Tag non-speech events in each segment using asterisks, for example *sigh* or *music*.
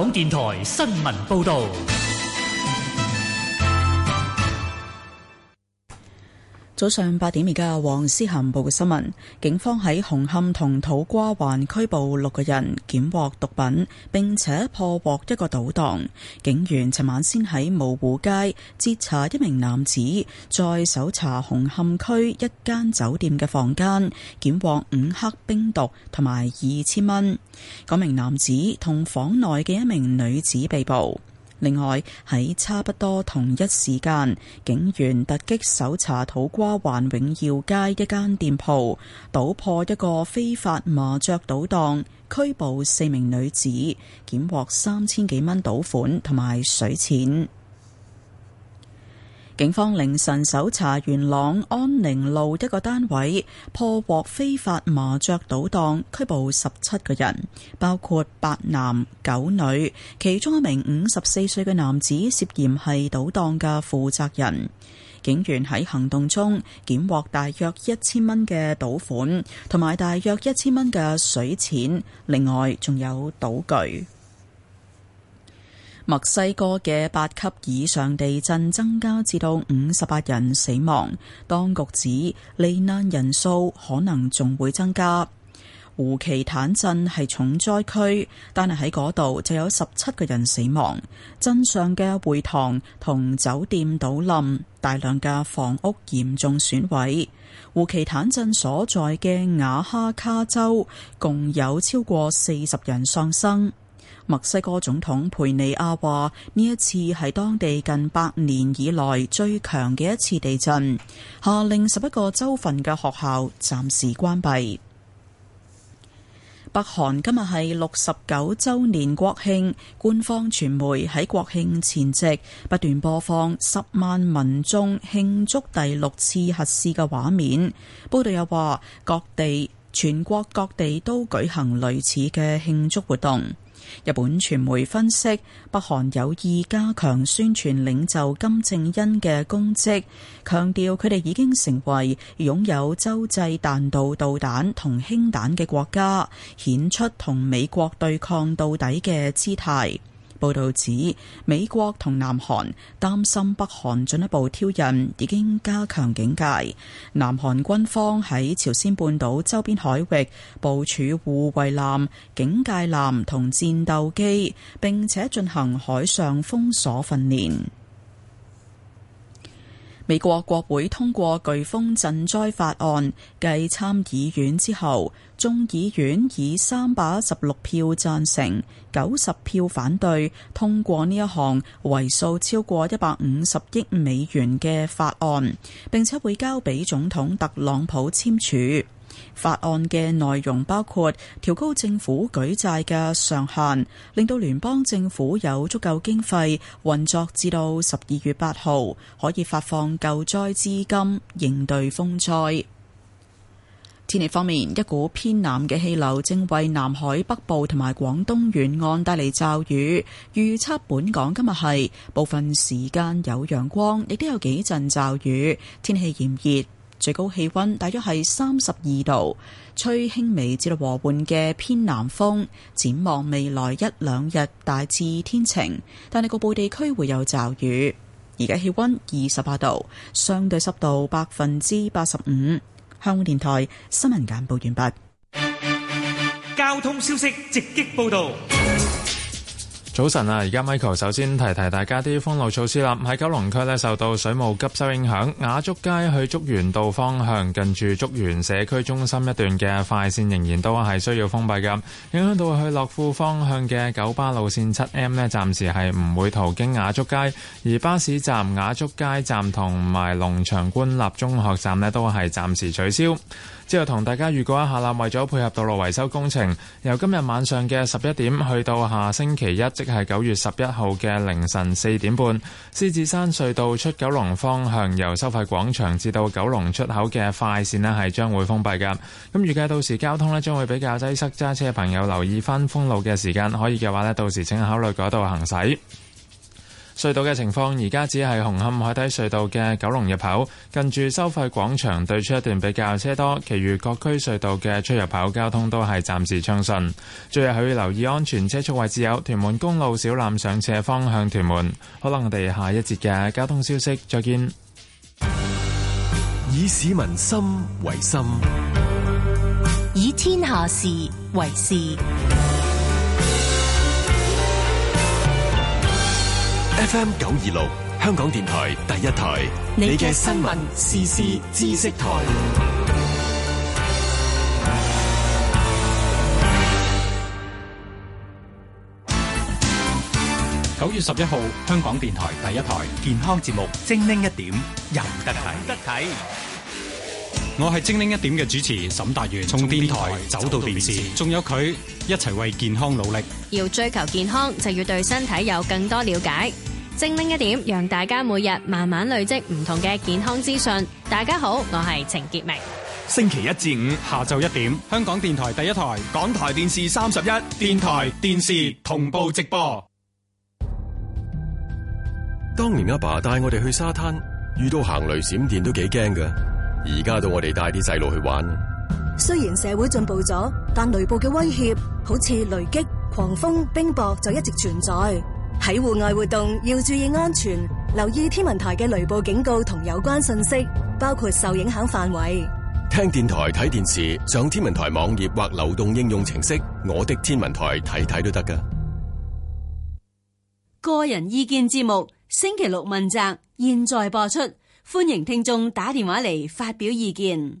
港電台新聞報道。早上八點，而家，黃思涵報嘅新聞：警方喺紅磡同土瓜灣拘捕六個人，檢獲毒品，並且破獲一個賭檔。警員尋晚先喺蕪湖街截查一名男子，再搜查紅磡區一間酒店嘅房間，檢獲五克冰毒同埋二千蚊。嗰名男子同房內嘅一名女子被捕。另外，喺差不多同一時間，警員突擊搜查土瓜灣永耀街一間店鋪，搗破一個非法麻雀賭檔，拘捕四名女子，檢獲三千幾蚊賭款同埋水錢。警方凌晨搜查元朗安寧路一個單位，破獲非法麻雀賭檔，拘捕十七個人，包括八男九女，其中一名五十四歲嘅男子涉嫌係賭檔嘅負責人。警員喺行動中檢獲大約一千蚊嘅賭款，同埋大約一千蚊嘅水錢，另外仲有賭具。墨西哥嘅八級以上地震增加至到五十八人死亡，當局指罹難人數可能仲會增加。胡奇坦鎮係重災區，但係喺嗰度就有十七個人死亡。鎮上嘅會堂同酒店倒冧，大量嘅房屋嚴重損毀。胡奇坦鎮所在嘅瓦哈卡州共有超過四十人喪生。墨西哥總統佩尼亞話：呢一次係當地近百年以來最強嘅一次地震，下令十一個州份嘅學校暫時關閉。北韓今日係六十九周年國慶，官方傳媒喺國慶前夕不斷播放十萬民衆慶祝第六次核試嘅畫面。報道又話，各地全國各地都舉行類似嘅慶祝活動。日本傳媒分析，北韓有意加強宣傳領袖金正恩嘅功績，強調佢哋已經成為擁有洲際彈道導彈同氫彈嘅國家，顯出同美國對抗到底嘅姿態。報道指，美國同南韓擔心北韓進一步挑釁，已經加強警戒。南韓軍方喺朝鮮半島周邊海域部署護衛艦、警戒艦同戰鬥機，並且進行海上封鎖訓練。美國國會通過颶風賑災法案，繼參議院之後，眾議院以三百一十六票贊成、九十票反對通過呢一項為數超過一百五十億美元嘅法案，並且會交俾總統特朗普簽署。法案嘅內容包括調高政府舉債嘅上限，令到聯邦政府有足夠經費運作至，至到十二月八號可以發放救災資金，應對風災。天氣方面，一股偏南嘅氣流正為南海北部同埋廣東沿岸帶嚟驟雨。預測本港今日係部分時間有陽光，亦都有幾陣驟雨，天氣炎熱。最高氣溫大約係三十二度，吹輕微至和緩嘅偏南風。展望未來一兩日大致天晴，但係局部地區會有驟雨。而家氣溫二十八度，相對濕度百分之八十五。香港電台新聞簡報完畢。交通消息直擊報道。早晨啊！而家 Michael 首先提提大家啲封路措施啦。喺九龍區咧，受到水務急修影響，雅竹街去竹園道方向近住竹園社區中心一段嘅快線仍然都係需要封閉嘅。影響到去樂富方向嘅九巴路線七 M 咧，暫時係唔會途經雅竹街，而巴士站雅竹街站同埋龍翔官立中學站咧都係暫時取消。之後同大家預告一下啦，為咗配合道路維修工程，由今日晚上嘅十一點去到下星期一，即係九月十一號嘅凌晨四點半，獅子山隧道出九龍方向由收費廣場至到九龍出口嘅快線咧，係將會封閉嘅。咁預計到時交通咧將會比較擠塞，揸車嘅朋友留意翻封路嘅時間，可以嘅話咧，到時請考慮改道行駛。隧道嘅情況，而家只係紅磡海底隧道嘅九龍入口近住收費廣場對出一段比較車多，其餘各區隧道嘅出入口交通都係暫時暢順。最後要留意安全車速位置，有屯門公路小欖上斜方向屯門。好啦，我哋下一節嘅交通消息再見。以市民心為心，以天下事為事。FM 九二六，香港電台第一台，你嘅新聞時事知識台。九月十一號，香港電台第一台健康節目《精靈一點》任得睇得睇。我係《精靈一點》嘅主持沈達源，從電台走到電視，仲有佢一齊為健康努力。要追求健康，就要對身體有更多了解。精靈一點，讓大家每日慢慢累積唔同嘅健康資訊。大家好，我係程潔明。星期一至五下晝一點，香港電台第一台、港台電視三十一電台電視同步直播。當年阿爸帶我哋去沙灘，遇到行雷閃電都幾驚噶。而家到我哋帶啲細路去玩，雖然社會進步咗，但雷暴嘅威脅好似雷擊、狂風、冰雹就一直存在。喺戶外活動要注意安全，留意天文台嘅雷暴警告同有關信息，包括受影響範圍。聽電台、睇電視、上天文台網頁或流動應用程式《我的天文台》睇睇都得㗎。個人意見節目星期六問責，現在播出，歡迎聽眾打電話嚟發表意見。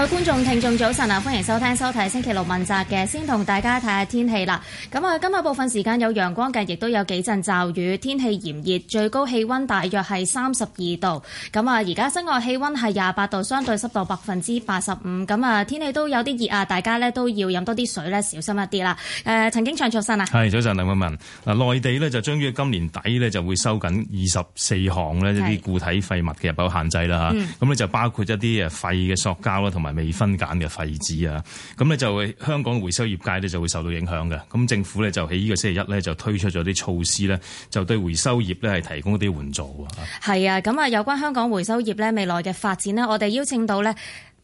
各位觀眾、聽眾，早晨啊！歡迎收聽、收睇星期六問責嘅，先同大家睇下天氣啦。咁啊，今日部分時間有陽光嘅，亦都有幾陣驟雨，天氣炎熱，最高氣温大約係三十二度。咁啊，而家室外氣温係廿八度，相對濕度百分之八十五。咁啊，天氣都有啲熱啊，大家呢都要飲多啲水呢，小心一啲啦。誒、呃，陳景祥早晨啊，係早晨，林文文。嗱，內地呢就將於今年底呢就會收緊二十四項呢一啲固體廢物嘅入口限制啦吓。咁呢就包括一啲誒廢嘅塑膠啦，同埋，未分揀嘅廢紙啊，咁咧就香港回收業界咧就會受到影響嘅。咁政府咧就喺呢個星期一咧就推出咗啲措施咧，就對回收業咧係提供一啲援助啊。吓。係啊，咁啊有關香港回收業咧未來嘅發展呢，我哋邀請到咧。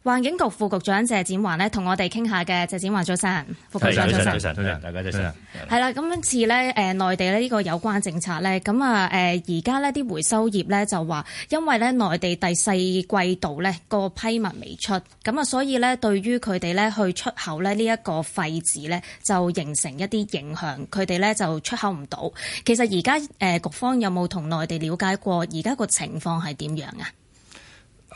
環境局副局長謝展寰呢，同我哋傾下嘅。謝展寰早晨。副局長早晨的，早晨。大家早晨。係啦，今次咧誒、呃，內地咧呢個有關政策咧，咁啊誒，而家呢啲回收業咧就話，因為咧內地第四季度咧、個批文未出，咁啊，所以咧對於佢哋咧去出口咧呢一個廢紙咧，就形成一啲影響，佢哋咧就出口唔到。其實而家誒局方有冇同內地了解過，而家個情況係點樣啊？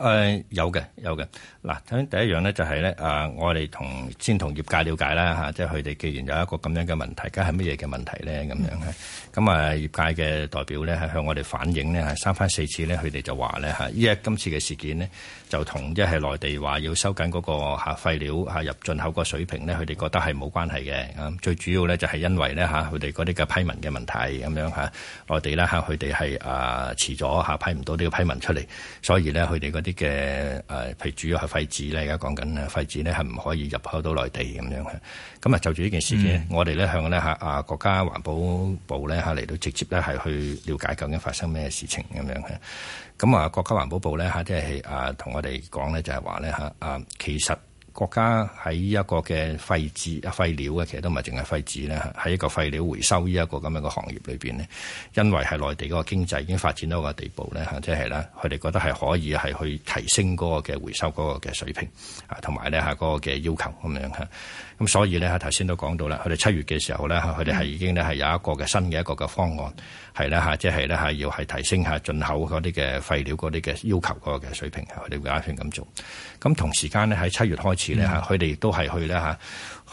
誒、呃、有嘅有嘅嗱，首先第一樣咧就係、是、咧，誒、啊、我哋同先同業界了解啦嚇、啊，即係佢哋既然有一個咁樣嘅問題，梗係乜嘢嘅問題咧？咁、嗯、樣嘅咁啊，業界嘅代表咧係向我哋反映咧，係、啊、三番四次咧，佢哋就話咧嚇，依、啊、家今次嘅事件咧。就同一係內地話要收緊嗰個嚇廢料入進口個水平咧，佢哋覺得係冇關係嘅。最主要咧就係因為咧佢哋嗰啲嘅批文嘅問題咁樣嚇，內地咧佢哋係啊，遲咗嚇批唔到呢個批文出嚟，所以咧佢哋嗰啲嘅譬如主要係廢紙咧，而家講緊啊廢紙咧係唔可以入口到內地咁樣，咁啊就住呢件事件、嗯、我哋咧向咧嚇啊國家環保部咧嚟到直接咧係去了解究竟發生咩事情咁樣嘅。咁啊，國家環保部咧嚇，即係啊，同我哋講咧就係話咧嚇啊，其實。國家喺呢一個嘅廢紙廢料嘅，其實都唔係淨係廢紙咧，喺一個廢料回收呢一個咁樣嘅行業裏邊咧，因為係內地個經濟已經發展到個地步咧，吓即係咧，佢哋覺得係可以係去提升個嘅回收個嘅水平，啊，同埋咧吓個嘅要求咁樣吓，咁所以咧頭先都講到啦，佢哋七月嘅時候咧，吓佢哋係已經咧係有一個嘅新嘅一個嘅方案，係啦吓即係咧係要係提升下進口嗰啲嘅廢料嗰啲嘅要求個嘅水平，佢哋會打算咁做，咁同時間咧喺七月開始。時咧吓佢哋都係去咧吓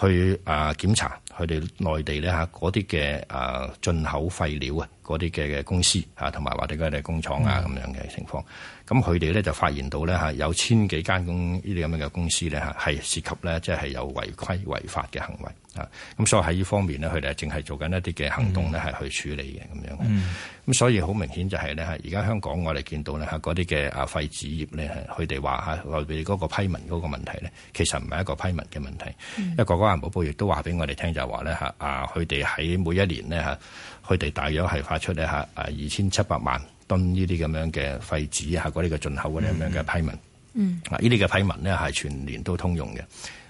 去啊檢查佢哋內地咧吓嗰啲嘅啊進口廢料啊，嗰啲嘅公司嚇，同埋或者嗰啲工廠啊咁樣嘅情況，咁佢哋咧就發現到咧嚇，有千幾間工呢啲咁樣嘅公司咧嚇，係涉及咧即係有違規違法嘅行為啊！咁所以喺呢方面呢，佢哋係淨係做緊一啲嘅行動咧，係去處理嘅咁、嗯、樣。咁所以好明顯就係咧，而家香港我哋見到呢嚇，嗰啲嘅啊廢紙業咧，佢哋話嚇外邊嗰個批文嗰個問題咧，其實唔係一個批文嘅問題，因、嗯、為國家環保部亦都話俾我哋聽就係話咧嚇啊，佢哋喺每一年呢。嚇。佢哋大約係發出呢下誒二千七百萬噸呢啲咁樣嘅廢紙，下嗰啲嘅進口嗰啲咁樣嘅批文。嗯，啊呢啲嘅批文呢係全年都通用嘅。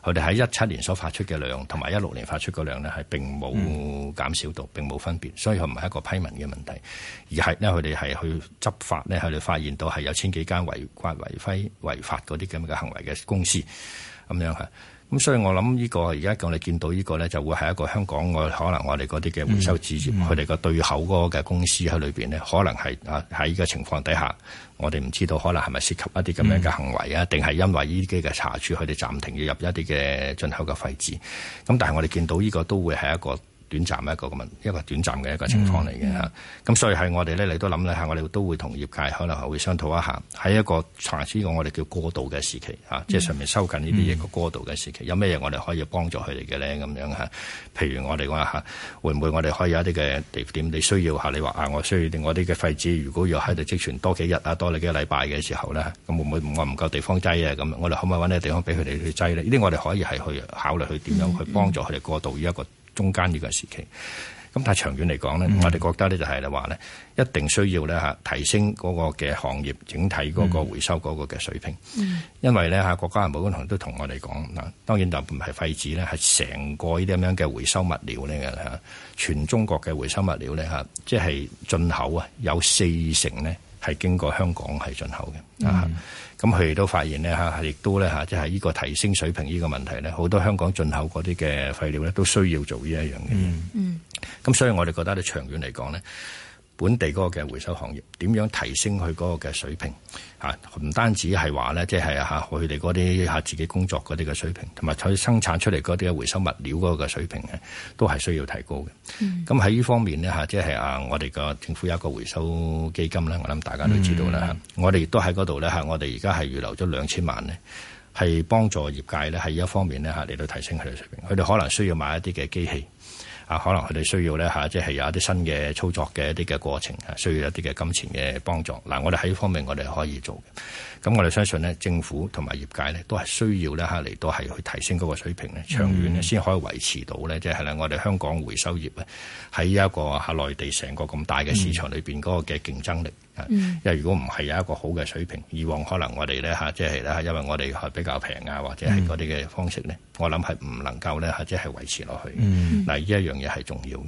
佢哋喺一七年所發出嘅量，同埋一六年發出嘅量呢係並冇減少到，並冇分別。所以佢唔係一個批文嘅問題，而係呢，佢哋係去執法，呢佢哋發現到係有千幾間違規違規違法嗰啲咁嘅行為嘅公司咁樣咁所以我諗呢個而家我哋見到呢個咧，就會係一個香港我可能我哋嗰啲嘅回收紙業，佢哋個對口嗰個嘅公司喺裏邊咧，可能係啊喺呢個情況底下，我哋唔知道可能係咪涉及一啲咁樣嘅行為啊，定係因為呢啲嘅查處，佢哋暫停要入一啲嘅進口嘅廢紙。咁但係我哋見到呢個都會係一個。短暫一個咁問一個短暫嘅一個情況嚟嘅嚇，咁、嗯啊、所以係我哋咧，你都諗咧，係我哋都會同業界可能係會商討一下喺一個，至、這、於、個、我哋叫過渡嘅時期嚇、啊，即係上面收緊呢啲嘢嘅過渡嘅時期，嗯、有咩嘢我哋可以幫助佢哋嘅咧咁樣嚇？譬如我哋講嚇，會唔會我哋可以有一啲嘅地點你需要嚇、啊？你話啊，我需要我啲嘅廢紙，如果要喺度積存多幾日啊，多你幾個禮拜嘅時候咧，咁會唔會我唔夠地方擠啊？咁我哋可唔可以揾啲地方俾佢哋去擠呢？呢啲我哋可以係去考慮去點樣去幫助佢哋過渡於、這、一個。嗯嗯中間呢個時期，咁但係長遠嚟講咧，嗯、我哋覺得咧就係咧話咧，一定需要咧吓提升嗰個嘅行業整體嗰個回收嗰個嘅水平，嗯、因為咧吓國家環保局都同我哋講嗱，當然就唔係廢紙咧，係成個呢啲咁樣嘅回收物料咧嘅吓，全中國嘅回收物料咧吓，即係進口啊，有四成呢係經過香港係進口嘅啊。嗯咁佢哋都發現咧嚇亦都咧嚇，即係呢個提升水平呢個問題咧，好多香港進口嗰啲嘅廢料咧，都需要做呢一樣嘅嘢。嗯，咁所以我哋覺得咧，長遠嚟講咧，本地嗰個嘅回收行業點樣提升佢嗰個嘅水平？吓，唔單止係話咧，即係吓，佢哋嗰啲吓自己工作嗰啲嘅水平，同埋佢生產出嚟嗰啲回收物料嗰個水平咧，都係需要提高嘅。咁喺呢方面咧吓，即係啊，我哋個政府有一個回收基金咧，我諗大家都知道啦、嗯。我哋亦都喺嗰度咧吓，我哋而家係預留咗兩千萬咧，係幫助業界咧，喺呢一方面咧吓嚟到提升佢哋水平，佢哋可能需要買一啲嘅機器。啊，可能佢哋需要咧嚇，即係有一啲新嘅操作嘅一啲嘅過程，啊，需要一啲嘅金錢嘅幫助。嗱，我哋喺呢方面我哋可以做嘅。咁我哋相信咧，政府同埋業界咧都係需要咧嚇嚟到係去提升嗰個水平咧，長遠咧先可以維持到咧，即係咧我哋香港回收業咧喺一個喺內地成個咁大嘅市場裏邊嗰個嘅競爭力。嗯、因為如果唔係有一個好嘅水平，以往可能我哋咧吓，即係咧，因為我哋係比較平啊，或者係嗰啲嘅方式咧，嗯、我諗係唔能夠咧，或者係維持落去。嗱、嗯，呢一樣嘢係重要嘅。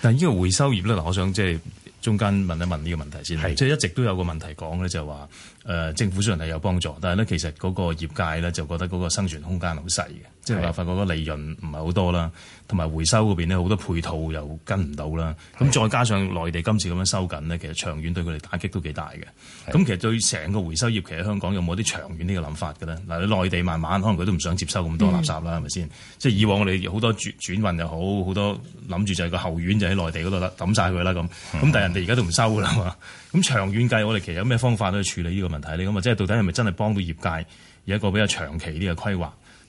但係呢個回收業咧，我想即係中間問一問呢個問題先，是即係一直都有一個問題講咧，就話誒，政府雖然係有幫助，但係咧其實嗰個業界咧就覺得嗰個生存空間好細嘅。即係發覺個利潤唔係好多啦，同埋回收嗰邊咧好多配套又跟唔到啦。咁再加上內地今次咁樣收緊咧，其實長遠對佢哋打擊都幾大嘅。咁的其實對成個回收業其實香港有冇啲長遠呢個諗法嘅咧？嗱，你內地慢慢可能佢都唔想接收咁多垃圾啦，係咪先？即係以往我哋好多轉運又好好多諗住就係個後院就喺內地嗰度啦，抌晒佢啦咁。咁但係人哋而家都唔收啦嘛。咁長遠計，我哋其實有咩方法去處理呢個問題咁啊，即係到底係咪真係幫到業界有一個比較長期啲嘅規劃？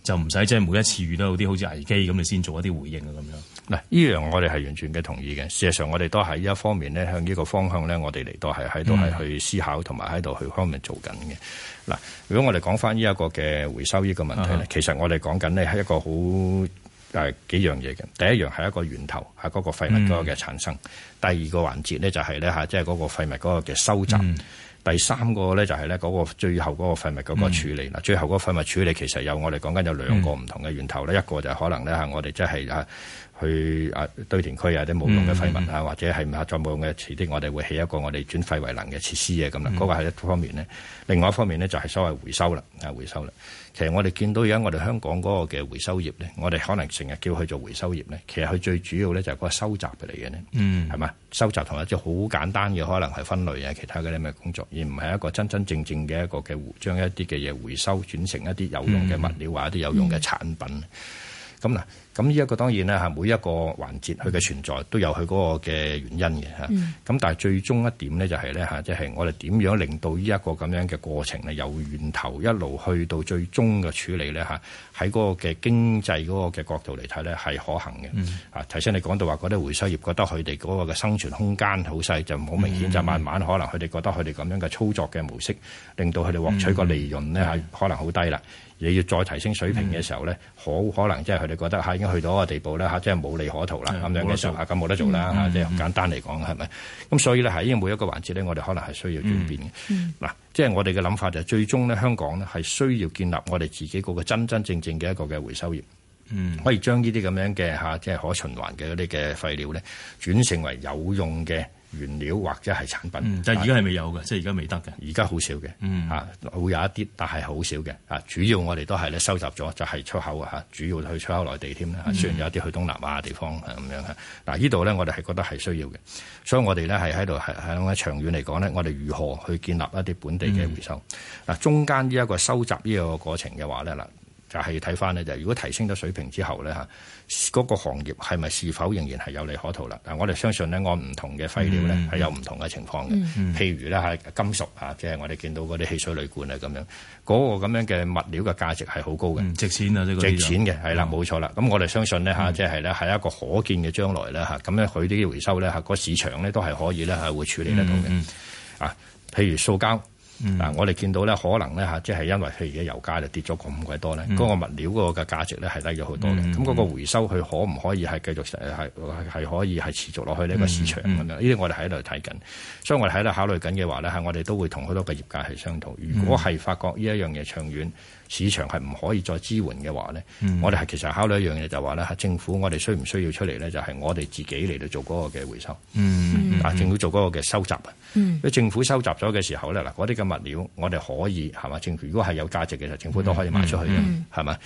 就唔使即係每一次遇到啲好似危機咁，你先做一啲回應啊，咁樣。嗱，呢樣我哋係完全嘅同意嘅。事實上，我哋都喺呢一方面咧，向呢個方向咧，我哋嚟到係喺度係去思考同埋喺度去方面做緊嘅。嗱，如果我哋講翻呢一個嘅回收呢個問題咧，啊、其實我哋講緊呢係一個好誒幾樣嘢嘅。第一樣係一個源頭，係、那、嗰個廢物嗰個嘅產生；嗯、第二個環節咧就係咧嚇，即係嗰個廢物嗰個嘅收集。嗯第三個咧就係咧嗰個最後嗰個廢物嗰個處理啦，嗯、最後嗰個廢物處理其實有我哋講緊有兩個唔同嘅源頭咧，嗯、一個就係可能咧我哋即係啊去啊堆填區啊啲冇用嘅廢物啊，嗯嗯、或者係再冇用嘅，遲啲我哋會起一個我哋轉廢為能嘅設施嘅咁啦，嗰、嗯、個係一方面咧，嗯、另外一方面咧就係所謂回收啦啊回收啦。其實我哋見到而家我哋香港嗰個嘅回收業咧，我哋可能成日叫佢做回收業咧，其實佢最主要咧就係嗰個收集嘅嚟嘅咧，係嘛？收集同一啲好簡單嘅可能係分類啊，其他嗰啲咩工作，而唔係一個真真正正嘅一個嘅將一啲嘅嘢回收轉成一啲有用嘅物料或者一啲有用嘅產品。咁嗱。咁呢一個當然咧嚇，係每一個環節佢嘅存在都有佢嗰個嘅原因嘅嚇。咁、嗯、但係最終一點咧就係咧嚇，即係我哋點樣令到呢一個咁樣嘅過程咧，由源頭一路去到最終嘅處理咧嚇，喺嗰個嘅經濟嗰個嘅角度嚟睇咧係可行嘅。啊、嗯，頭先你講到話嗰啲回收業覺得佢哋嗰個嘅生存空間好細，就唔好明顯、嗯、就慢慢可能佢哋覺得佢哋咁樣嘅操作嘅模式，令到佢哋獲取個利潤咧係可能好低啦。嗯你要再提升水平嘅時候咧，可、嗯、可能即係佢哋覺得嚇已經去到一個地步啦，嚇，即係冇利可圖啦，咁的樣嘅時候咁冇得做啦嚇，即係的簡單嚟講係咪？咁所以咧喺呢每一個環節咧，我哋可能係需要轉變嘅。嗱、嗯，嗯、即係我哋嘅諗法就係、是、最終咧，香港咧係需要建立我哋自己嗰個，個真真正正嘅一個嘅回收業，嗯、可以將呢啲咁樣嘅嚇即係可循環嘅嗰啲嘅廢料咧轉成為有用嘅。原料或者係產品，就而家係未有嘅，即係而家未得嘅。而家好少嘅，嚇、嗯、會有一啲，但係好少嘅。嚇，主要我哋都係咧收集咗，就係、是、出口嚇，主要去出口內地添啦，雖然有一啲去東南亞地方咁樣嚇。嗱、嗯，呢度咧，我哋係覺得係需要嘅，所以我哋咧係喺度係係咁樣長遠嚟講咧，我哋如何去建立一啲本地嘅回收？嗱、嗯，中間呢、這、一個收集呢個過程嘅話咧嗱。就係睇翻咧，就係如果提升咗水平之後咧嗰、那個行業係咪是否仍然係有利可圖啦？但係我哋相信咧，按唔同嘅廢料咧係有唔同嘅情況嘅。嗯嗯、譬如咧係金屬啊，即、就、係、是、我哋見到嗰啲汽水鋁罐啊咁、那個、樣，嗰個咁樣嘅物料嘅價值係好高嘅，嗯、值錢啊！值錢嘅係啦，冇了、嗯、錯啦。咁我哋相信咧即係咧係一個可見嘅將來咧咁樣佢啲回收咧嚇、那個市場咧都係可以咧係會處理得到嘅。啊、嗯，嗯、譬如塑膠。嗱，嗯、我哋見到咧，可能咧吓，即係因為佢而家油價就跌咗咁鬼多咧，嗰、嗰個物料個嘅價值咧係低咗好多嘅。咁、嗰、嗰個回收佢可唔可以係繼續係可以係持續落去呢個市場咁樣？呢啲我哋喺度睇緊，所以我哋喺度考慮緊嘅話咧，係我哋都會同好多個業界係商討。如果係發覺呢一樣嘢長遠，市場係唔可以再支援嘅話咧，嗯、我哋係其實考慮一樣嘢，就係話咧，政府我哋需唔需要出嚟咧？就係、係、我哋自己嚟到做嗰個嘅回收。嗯、啊，嗯、政府做嗰個嘅收集。嗯。政府收集咗嘅時候咧，嗱，嗰啲嘅物料，我哋可以係嘛？政府如果係有價值嘅時候，政府都可以賣出去嘅，係嘛、嗯嗯？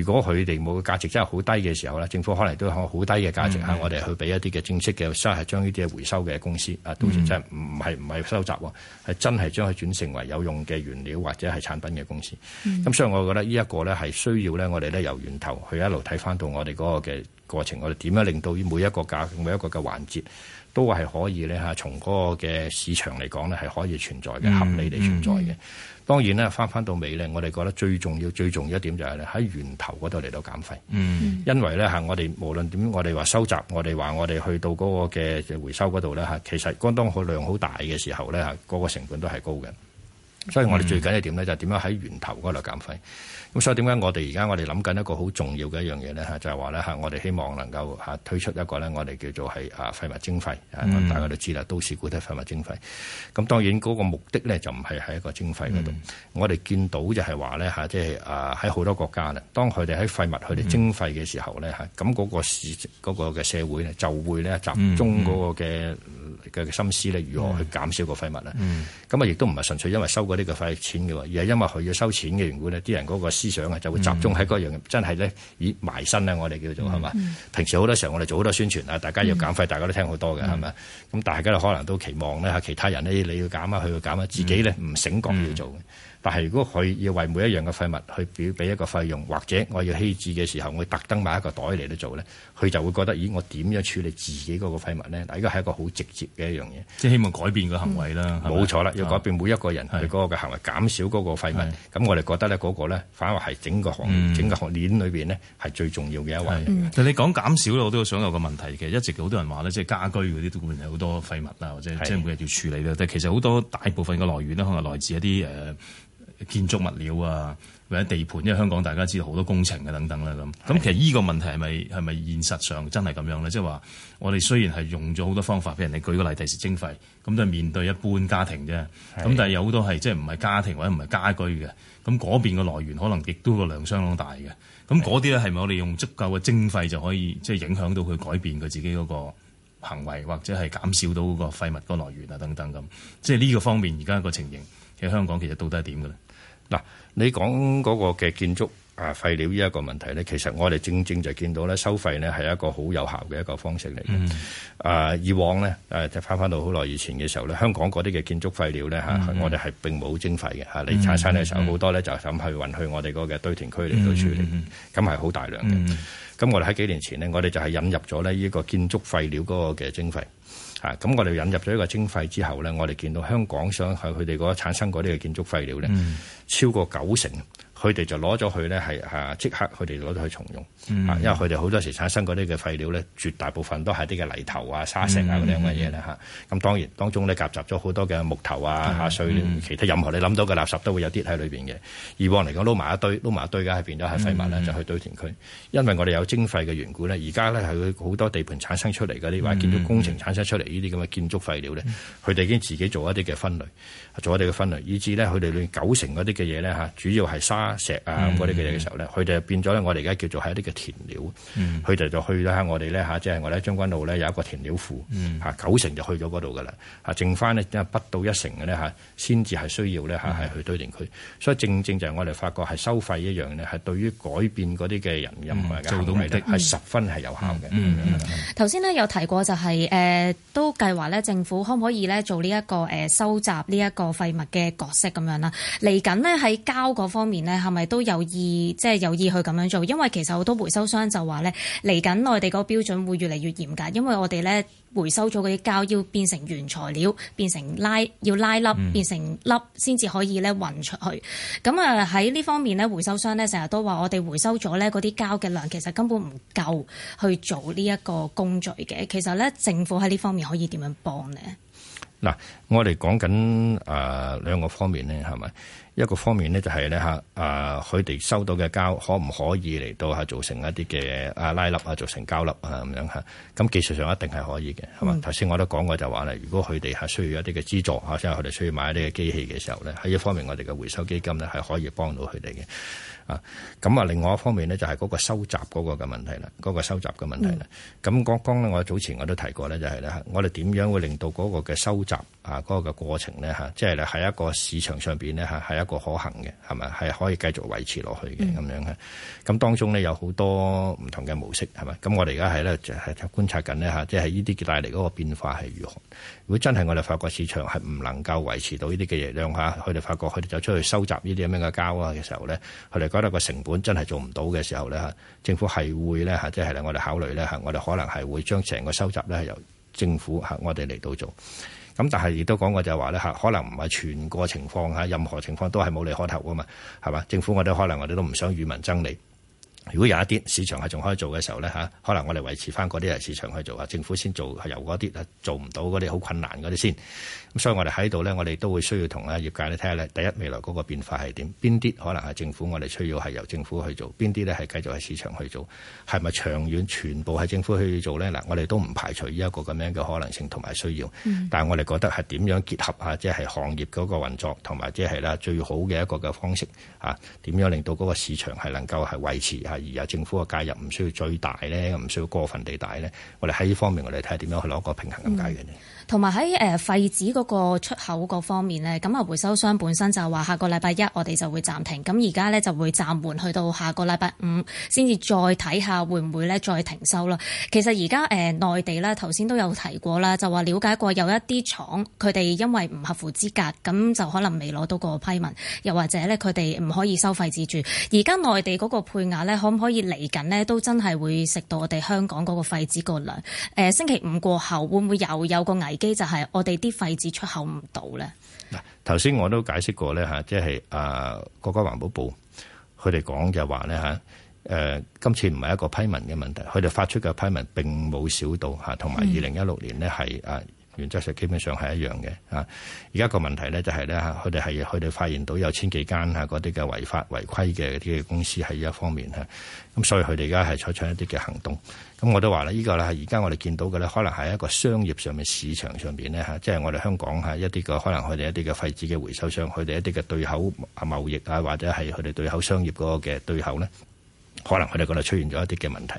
如果佢哋冇價值，真係好低嘅時候咧，政府可能都好低嘅價值嚇、嗯啊，我哋去俾一啲嘅正式嘅，真係將呢啲嘅回收嘅公司啊，當然真係唔唔係唔係收集喎，係真係將佢轉成為有用嘅原料或者係產品嘅公司。咁、嗯嗯所以我覺得呢一個咧係需要咧，我哋咧由源頭去一路睇翻到我哋嗰個嘅過程，我哋點樣令到每一個價每一個嘅環節都係可以咧嚇，從嗰個嘅市場嚟講咧係可以存在嘅，合理地存在嘅。Mm hmm. 當然咧翻翻到尾咧，我哋覺得最重要最重要一點就係咧喺源頭嗰度嚟到減廢。嗯、mm，hmm. 因為咧嚇我哋無論點，我哋話收集，我哋話我哋去到嗰個嘅回收嗰度咧嚇，其實當當佢量好大嘅時候咧嚇，嗰、嗰個成本都係高嘅。所以我哋最緊要點咧，就點樣喺源頭嗰度減廢。咁所以點解我哋而家我哋諗緊一個好重要嘅一樣嘢咧嚇，就係話咧嚇，我哋希望能夠嚇推出一個咧，我哋叫做係啊廢物徵費，嗯、大家都知道都市固體廢物徵費。咁當然嗰個目的咧就唔係喺一個徵費嗰度，嗯、我哋見到就係話咧嚇，即係啊喺好多國家咧，當佢哋喺廢物佢哋徵費嘅時候咧嚇，咁、那、嗰個市嗰個嘅社會咧就會咧集中嗰個嘅嘅心思咧如何去減少個廢物咧。咁啊亦都唔係純粹因為收嗰啲嘅廢錢嘅，而係因為佢要收錢嘅原因咧，啲人嗰思想啊，就會集中喺嗰樣，嗯、真係咧咦埋身啊！我哋叫做係嘛，嗯、吧平時好多時候我哋做好多宣傳啊，大家要減廢，大家都聽好多嘅係嘛，咁、嗯、大家可能都期望咧，其他人呢，你要減啊，佢要減啊，自己咧唔醒覺要做。嗯、但係如果佢要為每一樣嘅廢物去俾俾一個費用，或者我要棄置嘅時候，我特登買一個袋嚟咧做咧。佢就會覺得，咦！我點樣處理自己嗰個廢物咧？嗱，家個係一個好直接嘅一樣嘢，即係希望改變個行為啦。冇、嗯、吧錯啦，要改變每一個人佢嗰個嘅行為，是減少嗰個廢物。咁是我哋覺得咧，嗰個咧反而係整個行、嗯、整個鏈裏邊咧係最重要嘅一環。嗯、但係你講減少我都想有個問題嘅。一直好多人話咧，即係家居嗰啲都會有好多廢物啊，或者即係每日要處理啦。是但其實好多大部分嘅來源咧，可能來自一啲誒、呃、建築物料啊。或者地盤，因為香港大家知道好多工程嘅等等啦，咁咁的其實依個問題係咪係咪現實上真係咁樣咧？即係話我哋雖然係用咗好多方法，畀人哋舉個例，第時徵費，咁就面對一般家庭啫，咁的但係有好多係即係唔係家庭或者唔係家居嘅，咁嗰邊嘅來源可能亦都個量相當大嘅，咁嗰啲咧係咪我哋用足夠嘅徵費就可以即係影響到佢改變佢自己嗰個行為，或者係減少到嗰個廢物個來源啊等等咁？即係呢個方面而家個情形，其實在香港其實到底係點嘅咧？嗱，你講嗰個嘅建築啊廢料呢一個問題咧，其實我哋正正就見到咧，收費咧係一個好有效嘅一個方式嚟嘅。Mm hmm. 啊，以往咧，誒就翻翻到好耐以前嘅時候咧，香港嗰啲嘅建築廢料咧，mm hmm. 啊，我哋係並冇徵費嘅，你產生嘅時候好，mm hmm. 多咧就咁去運去我哋個嘅堆填區嚟到處理，咁係好大量嘅。咁，mm hmm. 我哋喺幾年前呢，我哋就係引入咗呢依個建築廢料嗰個嘅徵費。啊！咁我哋引入咗一個徵費之後咧，我哋見到香港上去佢哋嗰產生嗰啲嘅建築廢料咧，超過九成。佢哋就攞咗佢呢，係嚇即刻，佢哋攞咗去重用，嗯、因為佢哋好多時產生嗰啲嘅廢料呢，絕大部分都係啲嘅泥頭啊、沙石啊嗰啲咁嘅嘢啦嚇。咁、嗯嗯、當然當中呢，夾雜咗好多嘅木頭啊、嗯、啊水咧，嗯、其他任何你諗到嘅垃圾都會有啲喺裏邊嘅。以往嚟講，撈埋一堆，撈埋一堆嘅，係變咗係廢物咧，嗯、就去堆填區。因為我哋有徵費嘅緣故呢，而家呢，係好多地盤產生出嚟啲，或者建築工程產生出嚟呢啲咁嘅建築廢料呢，佢哋、嗯、已經自己做一啲嘅分類。做我哋嘅分類，以至咧佢哋裏面九成嗰啲嘅嘢咧主要係沙石啊，嗰啲嘅嘢嘅時候咧，佢哋、嗯、變咗咧，我哋而家叫做係一啲嘅填料，佢哋、嗯、就去咧，就是、我哋咧即係我哋將軍澳咧有一個填料庫九、嗯、成就去咗嗰度噶啦，剩翻呢，即係不到一成嘅咧先至係需要咧係去堆填區，嗯、所以正正就係我哋發覺係收費一樣呢，係對於改變嗰啲嘅人，任嘅做到未必係十分係有效嘅。頭先呢，嗯嗯嗯嗯、有提過就係、是、誒、呃、都計劃咧，政府可唔可以咧做呢、這、一個、呃、收集呢、這、一個？個廢物嘅角色咁樣啦，嚟緊呢，喺膠嗰方面呢，係咪都有意即係、就是、有意去咁樣做？因為其實好多回收商就話呢，嚟緊內地嗰個標準會越嚟越嚴格，因為我哋呢回收咗嗰啲膠要變成原材料，變成拉要拉粒，變成粒先至可以呢運出去。咁啊喺呢方面呢，回收商呢成日都話我哋回收咗呢嗰啲膠嘅量，其實根本唔夠去做呢一個工序嘅。其實呢，政府喺呢方面可以點樣幫呢？嗱，我哋講緊誒兩個方面咧，係咪？一個方面咧就係咧嚇，啊佢哋收到嘅膠可唔可以嚟到做成一啲嘅啊拉粒啊，做成膠粒啊咁樣嚇，咁技術上一定係可以嘅，係嘛？頭先、嗯、我都講過就話咧，如果佢哋係需要一啲嘅資助嚇，即係佢哋需要買一啲嘅機器嘅時候咧，喺一方面我哋嘅回收基金咧係可以幫到佢哋嘅。啊，咁啊，另外一方面咧，就係嗰個收集嗰個嘅問題啦，嗰、嗰個收集嘅問題啦。咁、嗯、剛剛咧，我早前我都提過咧，就係咧，我哋點樣會令到嗰個嘅收集啊，嗰個嘅過程咧吓，即係咧喺一個市場上邊咧吓，係一個可行嘅係咪？係可以繼續維持落去嘅咁、嗯、樣嘅。咁當中咧有好多唔同嘅模式係咪？咁我哋而家喺咧就係觀察緊咧吓，即係呢啲帶嚟嗰個變化係如何。如果真係我哋發覺市場係唔能夠維持到呢啲嘅嘢，量，下佢哋發覺佢哋走出去收集呢啲咁樣嘅膠啊嘅時候咧，佢哋覺得個成本真係做唔到嘅時候咧，政府係會咧，即係我哋考慮咧，我哋可能係會將成個收集咧由政府吓我哋嚟到做。咁但係亦都講過就係話咧，可能唔係全個情況，任何情況都係冇利可圖㗎嘛，係嘛？政府我哋可能我哋都唔想與民爭利。如果有一啲市場係仲可以做嘅時候咧嚇，可能我哋維持翻嗰啲係市場去做啊，政府先做係由嗰啲係做唔到嗰啲好困難嗰啲先。咁所以我哋喺度咧，我哋都會需要同啊業界咧睇下咧，第一未來嗰個變化係點，邊啲可能係政府我哋需要係由政府去做，邊啲咧係繼續係市場去做，係咪長遠全部係政府去做咧？嗱，我哋都唔排除呢一個咁樣嘅可能性同埋需要，但係我哋覺得係點樣結合下、就是、啊？即係行業嗰個運作同埋即係啦最好嘅一個嘅方式嚇，點樣令到嗰個市場係能夠係維持啊？而有政府嘅介入唔需要最大咧，唔需要過分地大咧。我哋喺呢方面，我哋睇下點樣去攞個平衡咁解嘅咧。嗯同埋喺誒廢紙嗰個出口嗰方面呢，咁啊回收商本身就話下個禮拜一我哋就會暫停，咁而家呢，就會暫緩去到下個禮拜五先至再睇下會唔會呢再停收啦。其實而家、呃、內地呢，頭先都有提過啦，就話了解過有一啲廠佢哋因為唔合乎資格，咁就可能未攞到個批文，又或者呢，佢哋唔可以收廢紙住。而家內地嗰個配額呢，可唔可以嚟緊呢？都真係會食到我哋香港嗰個廢紙個量、呃？星期五過後會唔會又有個危？機就係我哋啲廢紙出口唔到咧。嗱，頭先我都解釋過咧嚇，即係啊國家環保部佢哋講就話咧嚇，誒、呃、今次唔係一個批文嘅問題，佢哋發出嘅批文並冇少到嚇，同埋二零一六年呢，係啊、嗯、原則上基本上係一樣嘅啊。而家個問題咧就係咧嚇，佢哋係佢哋發現到有千幾間嚇嗰啲嘅違法違規嘅嗰啲嘅公司喺呢一方面嚇，咁所以佢哋而家係採取一啲嘅行動。咁我都話啦，呢、呢個咧係而家我哋見到嘅咧，可能係一個商業上面、市場上面咧，即係我哋香港一啲個可能佢哋一啲嘅廢紙嘅回收商，佢哋一啲嘅對口貿易啊，或者係佢哋對口商業嗰個嘅對口咧，可能佢哋嗰度出現咗一啲嘅問題。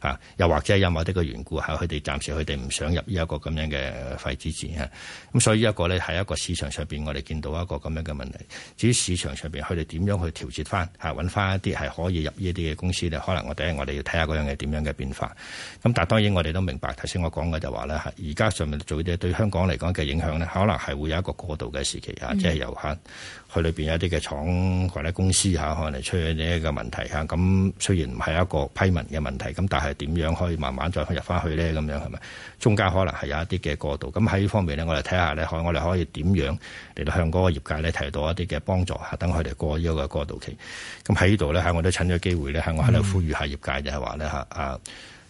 啊！又或者有某啲嘅緣故，吓佢哋暫時佢哋唔想入呢一個咁樣嘅廢紙戰。咁所以呢一個咧係一個市場上面，我哋見到一個咁樣嘅問題。至於市場上面，佢哋點樣去調節翻吓，揾翻一啲係可以入呢啲嘅公司咧？可能我哋我哋要睇下嗰樣嘅點樣嘅變化。咁但當然我哋都明白，頭先我講嘅就話咧，而家上面做啲嘢對香港嚟講嘅影響咧，可能係會有一個過渡嘅時期啊，即係遊客。佢裏邊有一啲嘅廠或者公司吓可能出現呢一個問題吓，咁雖然唔係一個批文嘅問題，咁但係點樣可以慢慢再入翻去咧？咁樣係咪？中間可能係有一啲嘅過渡。咁喺呢方面咧，我哋睇下咧，我哋可以點樣嚟到向嗰個業界咧，提到一啲嘅幫助吓，等佢哋過咗個過渡期。咁喺呢度咧，喺我都趁咗機會咧，喺我喺度呼籲下業界就係話咧、嗯、啊，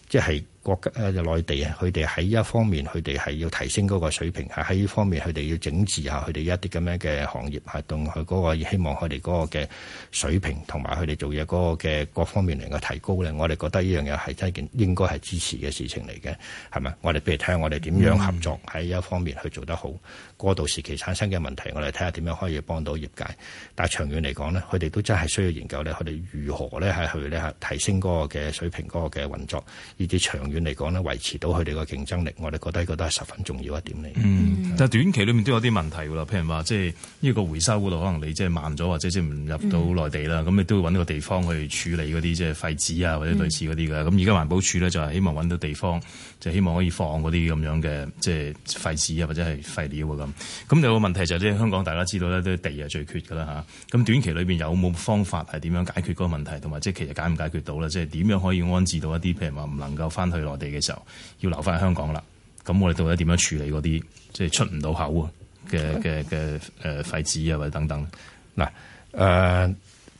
即係。國家內地啊，佢哋喺一方面，佢哋係要提升嗰個水平；喺呢方面，佢哋要整治下佢哋一啲咁樣嘅行業，係同佢嗰個希望佢哋嗰個嘅水平同埋佢哋做嘢嗰個嘅各方面能夠提高咧。我哋覺得呢樣嘢係真係一件應該係支持嘅事情嚟嘅，係咪？我哋不如睇下我哋點樣合作喺、嗯、一方面去做得好過渡時期產生嘅問題，我哋睇下點樣可以幫到業界。但係長遠嚟講咧，佢哋都真係需要研究咧，佢哋如何咧係去咧提升嗰個嘅水平、嗰、嗰個嘅運作，以至長遠嚟講咧，維持到佢哋個競爭力，我哋覺得覺得係十分重要一點嚟。嗯，嗯但短期裏面都有啲問題噶啦，譬如話即係呢個回收嗰度，可能你即係慢咗，或者即係唔入到內地啦，咁、嗯、你都會揾個地方去處理嗰啲即係廢紙啊或者類似嗰啲嘅。咁而家環保署咧就係希望揾到地方，就希望可以放嗰啲咁樣嘅即係廢紙啊或者係廢料啊咁。咁你有個問題就係、即係、咧，香港大家知道咧，啲地係最缺噶啦吓。咁短期裏邊有冇方法係點樣解決嗰個問題，同埋即係其實解唔解決到咧？即係點樣可以安置到一啲譬如話唔能夠翻去？去內地嘅時候要留翻香港啦，咁我哋到底點樣處理嗰啲即係出唔到口嘅嘅嘅、誒廢紙啊或者等等嗱、誒的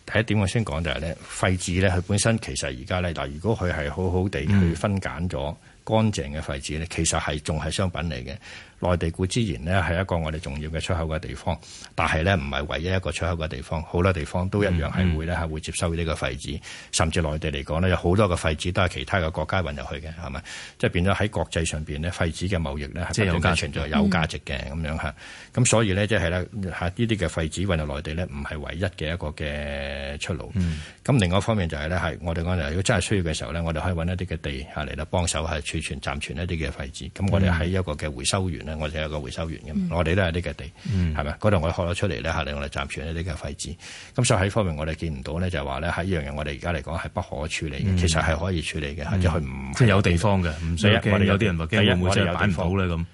第一點，我先講就係咧廢紙咧佢本身其實而家咧，嗱，如果佢係好好地去分揀咗乾淨嘅廢紙咧其實係仲係商品嚟嘅。內地固然呢係一個我哋重要嘅出口嘅地方，但係呢唔係唯一一個出口嘅地方，好多地方都一樣係會呢係會接收呢個廢紙，嗯、甚至內地嚟講呢，有好多嘅廢紙都係其他嘅國家運入去嘅，係咪？即係變咗喺國際上邊呢，廢紙嘅貿易呢，係有價值嘅咁樣嚇，咁、嗯、所以呢，即係呢啲嘅廢紙運入內地呢，唔係唯一嘅一個嘅出路。咁、嗯、另外一方面就係、是、呢，係我哋講就如果真係需要嘅時候呢，我哋可以揾一啲嘅地嚟啦幫手係儲存暫存一啲嘅廢紙。咁、嗯、我哋喺一個嘅回收園我哋有一個回收員嘅，我哋都係呢個地，係咪？嗰度我哋開咗出嚟咧，吓，我哋暫存呢啲嘅廢紙。咁所以喺方面，我哋見唔到咧，就係話咧喺呢樣嘢，我哋而家嚟講係不可處理嘅，嗯、其實係可以處理嘅，嗯、即係唔即係有地方嘅，唔使驚。對我有啲人話驚會唔會再擺唔到咧咁。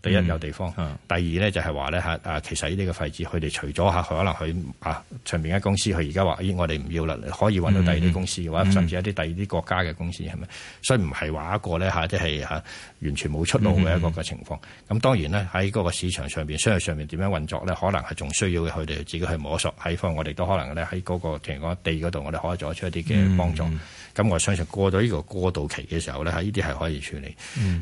第一有地方，第二咧就係話咧嚇啊，其實呢啲嘅廢紙，佢哋除咗嚇可能佢啊，上面嘅公司佢而家話咦，我哋唔要啦，可以揾到第二啲公司嘅話，甚至一啲第二啲國家嘅公司係咪？嗯、所以唔係話一個咧嚇，即係嚇完全冇出路嘅一個嘅情況。咁當然咧喺嗰個市場上面，商業上面點樣運作咧，可能係仲需要佢哋自己去摸索。喺方，我哋都可能咧喺嗰個譬如講地嗰度，我哋可以做出一啲嘅幫助。嗯嗯咁我相信過咗呢、這個過渡期嘅時候咧，呢啲係可以處理。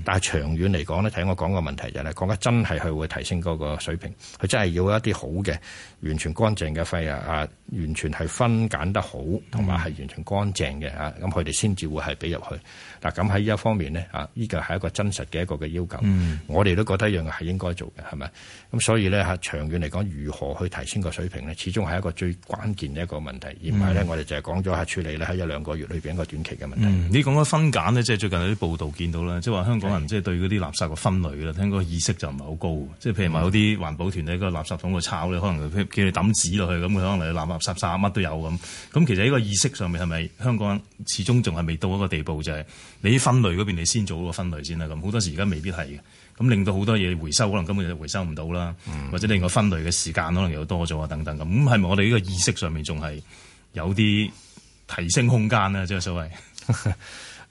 但係長遠嚟講咧，睇我講個問題就係、是、國家真係佢會提升嗰個水平，佢真係要一啲好嘅。完全乾淨嘅肺啊！完全係分揀得好，同埋係完全乾淨嘅啊！咁佢哋先至會係俾入去。嗱咁喺呢一方面呢，啊，呢個係一個真實嘅一個嘅要求。嗯、我哋都覺得一樣嘢係應該做嘅，係咪？咁所以呢，嚇，長遠嚟講，如何去提升個水平呢，始終係一個最關鍵嘅一個問題。而唔係呢，我哋就係講咗下處理呢，喺一兩個月裏邊一個短期嘅問題。嗯、你講緊分揀呢，即係最近有啲報道見到啦，即係話香港人即係對嗰啲垃圾個分類啦，聽個意識就唔係好高。即係譬如某啲環保團咧，個垃圾桶個抄咧，可能。叫你抌紙落去，咁佢可能你垃垃雜雜乜都有咁。咁其實呢個意識上面係咪香港始終仲係未到一個地步，就係你啲分類嗰邊你先做個分類先啦。咁好多時而家未必係嘅，咁令到好多嘢回收可能根本就回收唔到啦，或者令個分類嘅時間可能又多咗啊等等咁。咁係咪我哋呢個意識上面仲係有啲提升空間咧？即係所謂。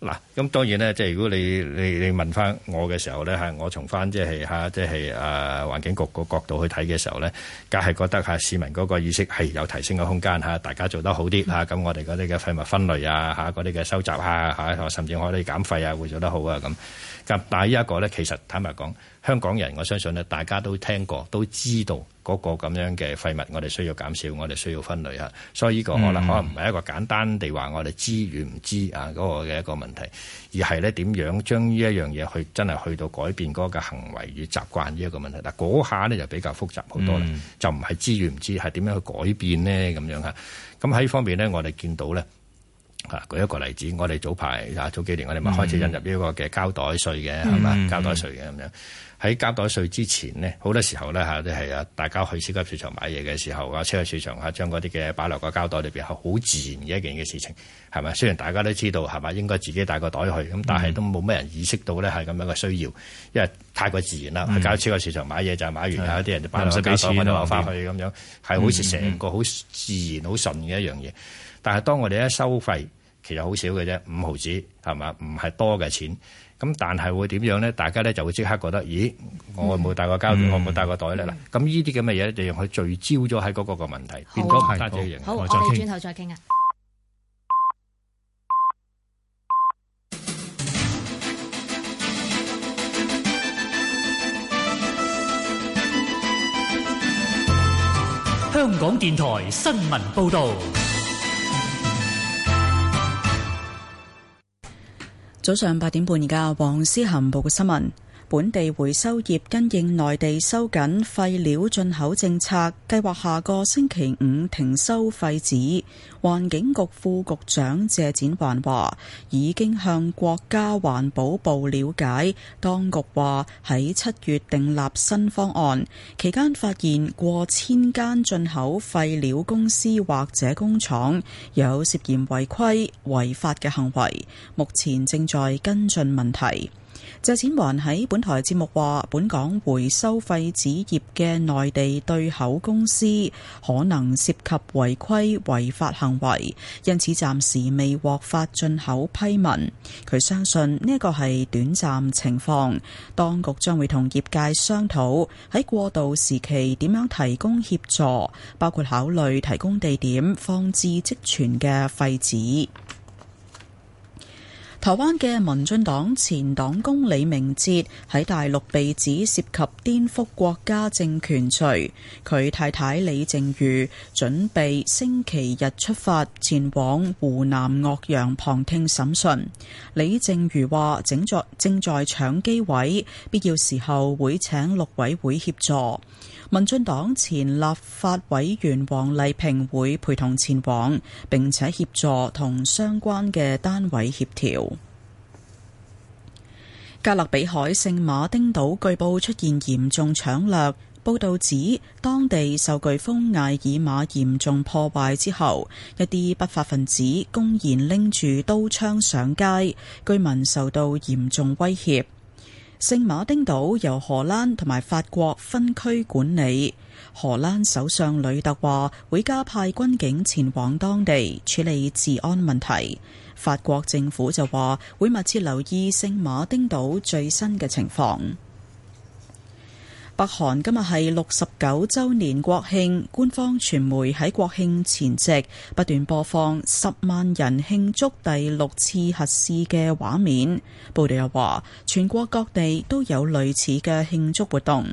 嗱，咁當然咧，即係如果你你你問翻我嘅時候咧，我從翻即係嚇，即係誒環境局個角度去睇嘅時候咧，梗係覺得嚇市民嗰個意識係有提升嘅空間嚇，大家做得好啲咁、嗯、我哋嗰啲嘅廢物分類啊嚇，嗰啲嘅收集啊嚇，甚至我哋減廢啊，會做得好啊咁。咁但係呢一個咧，其實坦白講，香港人我相信咧，大家都聽過都知道嗰個咁樣嘅廢物，我哋需要減少，我哋需要分類啊。所以呢個可能可能唔係一個簡單地話我哋知與唔知啊嗰個嘅一個問題，而係咧點樣將呢一樣嘢去真係去到改變嗰個行為與習慣呢一個問題。嗱，嗰下呢就比較複雜好多啦，就唔係知與唔知係點樣去改變呢？咁樣啊。咁喺呢方面呢，我哋見到咧。啊！舉一個例子，我哋早排啊，早幾年我哋咪開始引入呢個嘅膠袋稅嘅，係嘛、嗯？膠袋稅嘅咁樣，喺膠袋稅之前呢，好多時候呢，嚇都係啊，大家去超級市場買嘢嘅時候啊，超級市場啊，將嗰啲嘅擺落個膠袋裏邊，係好自然嘅一件嘅事情，係咪？雖然大家都知道係咪？應該自己帶個袋去，咁但係都冇咩人意識到呢係咁樣嘅需要，因為太過自然啦。嗯、去搞超級市場買嘢就係、是、買完啊，啲的人就擺落個膠袋，擺落翻去咁樣係好似成個好自然、好、嗯、順嘅一樣嘢。但係當我哋一收費，其實好少嘅啫，五毫子係嘛，唔係多嘅錢。咁但係會點樣咧？大家咧就會即刻覺得，咦，我冇帶個膠袋，我冇帶個袋咧。嗱，咁呢啲咁嘅嘢就用佢聚焦咗喺嗰個個問題，變咗關注型。好，我哋轉頭再傾啊！香港電台新聞報導。早上八點半，而家黃思涵報告新聞。本地回收業因應內地收緊廢料進口政策，計劃下個星期五停收廢紙。環境局副局長謝展寰話：已經向國家環保部了解，當局話喺七月訂立新方案期間，發現過千間進口廢料公司或者工廠有涉嫌違規違法嘅行為，目前正在跟進問題。謝展寰喺本台節目話，本港回收廢紙業嘅內地對口公司可能涉及違規違法行為，因此暫時未獲發進口批文。佢相信呢個係短暫情況，當局將會同業界商討喺過渡時期點樣提供協助，包括考慮提供地點放置積存嘅廢紙。台灣嘅民進黨前黨工李明哲喺大陸被指涉及顛覆國家政權罪，佢太太李靜瑜準備星期日出發前往湖南岳陽旁聽審訊。李靜瑜話：整在正在搶機位，必要時候會請陸委會協助。民進黨前立法委員王麗萍會陪同前往，並且協助同相關嘅單位協調。加勒比海聖馬丁島據報出現嚴重搶掠，報道指當地受颶風艾爾瑪嚴重破壞之後，一啲不法分子公然拎住刀槍上街，居民受到嚴重威脅。聖馬丁島由荷蘭同埋法國分區管理。荷蘭首相呂特話會加派軍警前往當地處理治安問題。法國政府就話會密切留意聖馬丁島最新嘅情況。北韓今日係六十九周年國慶，官方傳媒喺國慶前夕不斷播放十萬人慶祝第六次核試嘅畫面。報道又話，全國各地都有類似嘅慶祝活動。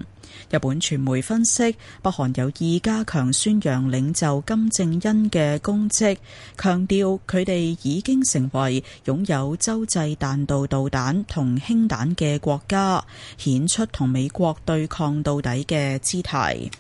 日本傳媒分析，北韓有意加強宣揚領袖金正恩嘅功績，強調佢哋已經成為擁有洲際彈道導彈同氫彈嘅國家，顯出同美國對抗到底嘅姿態。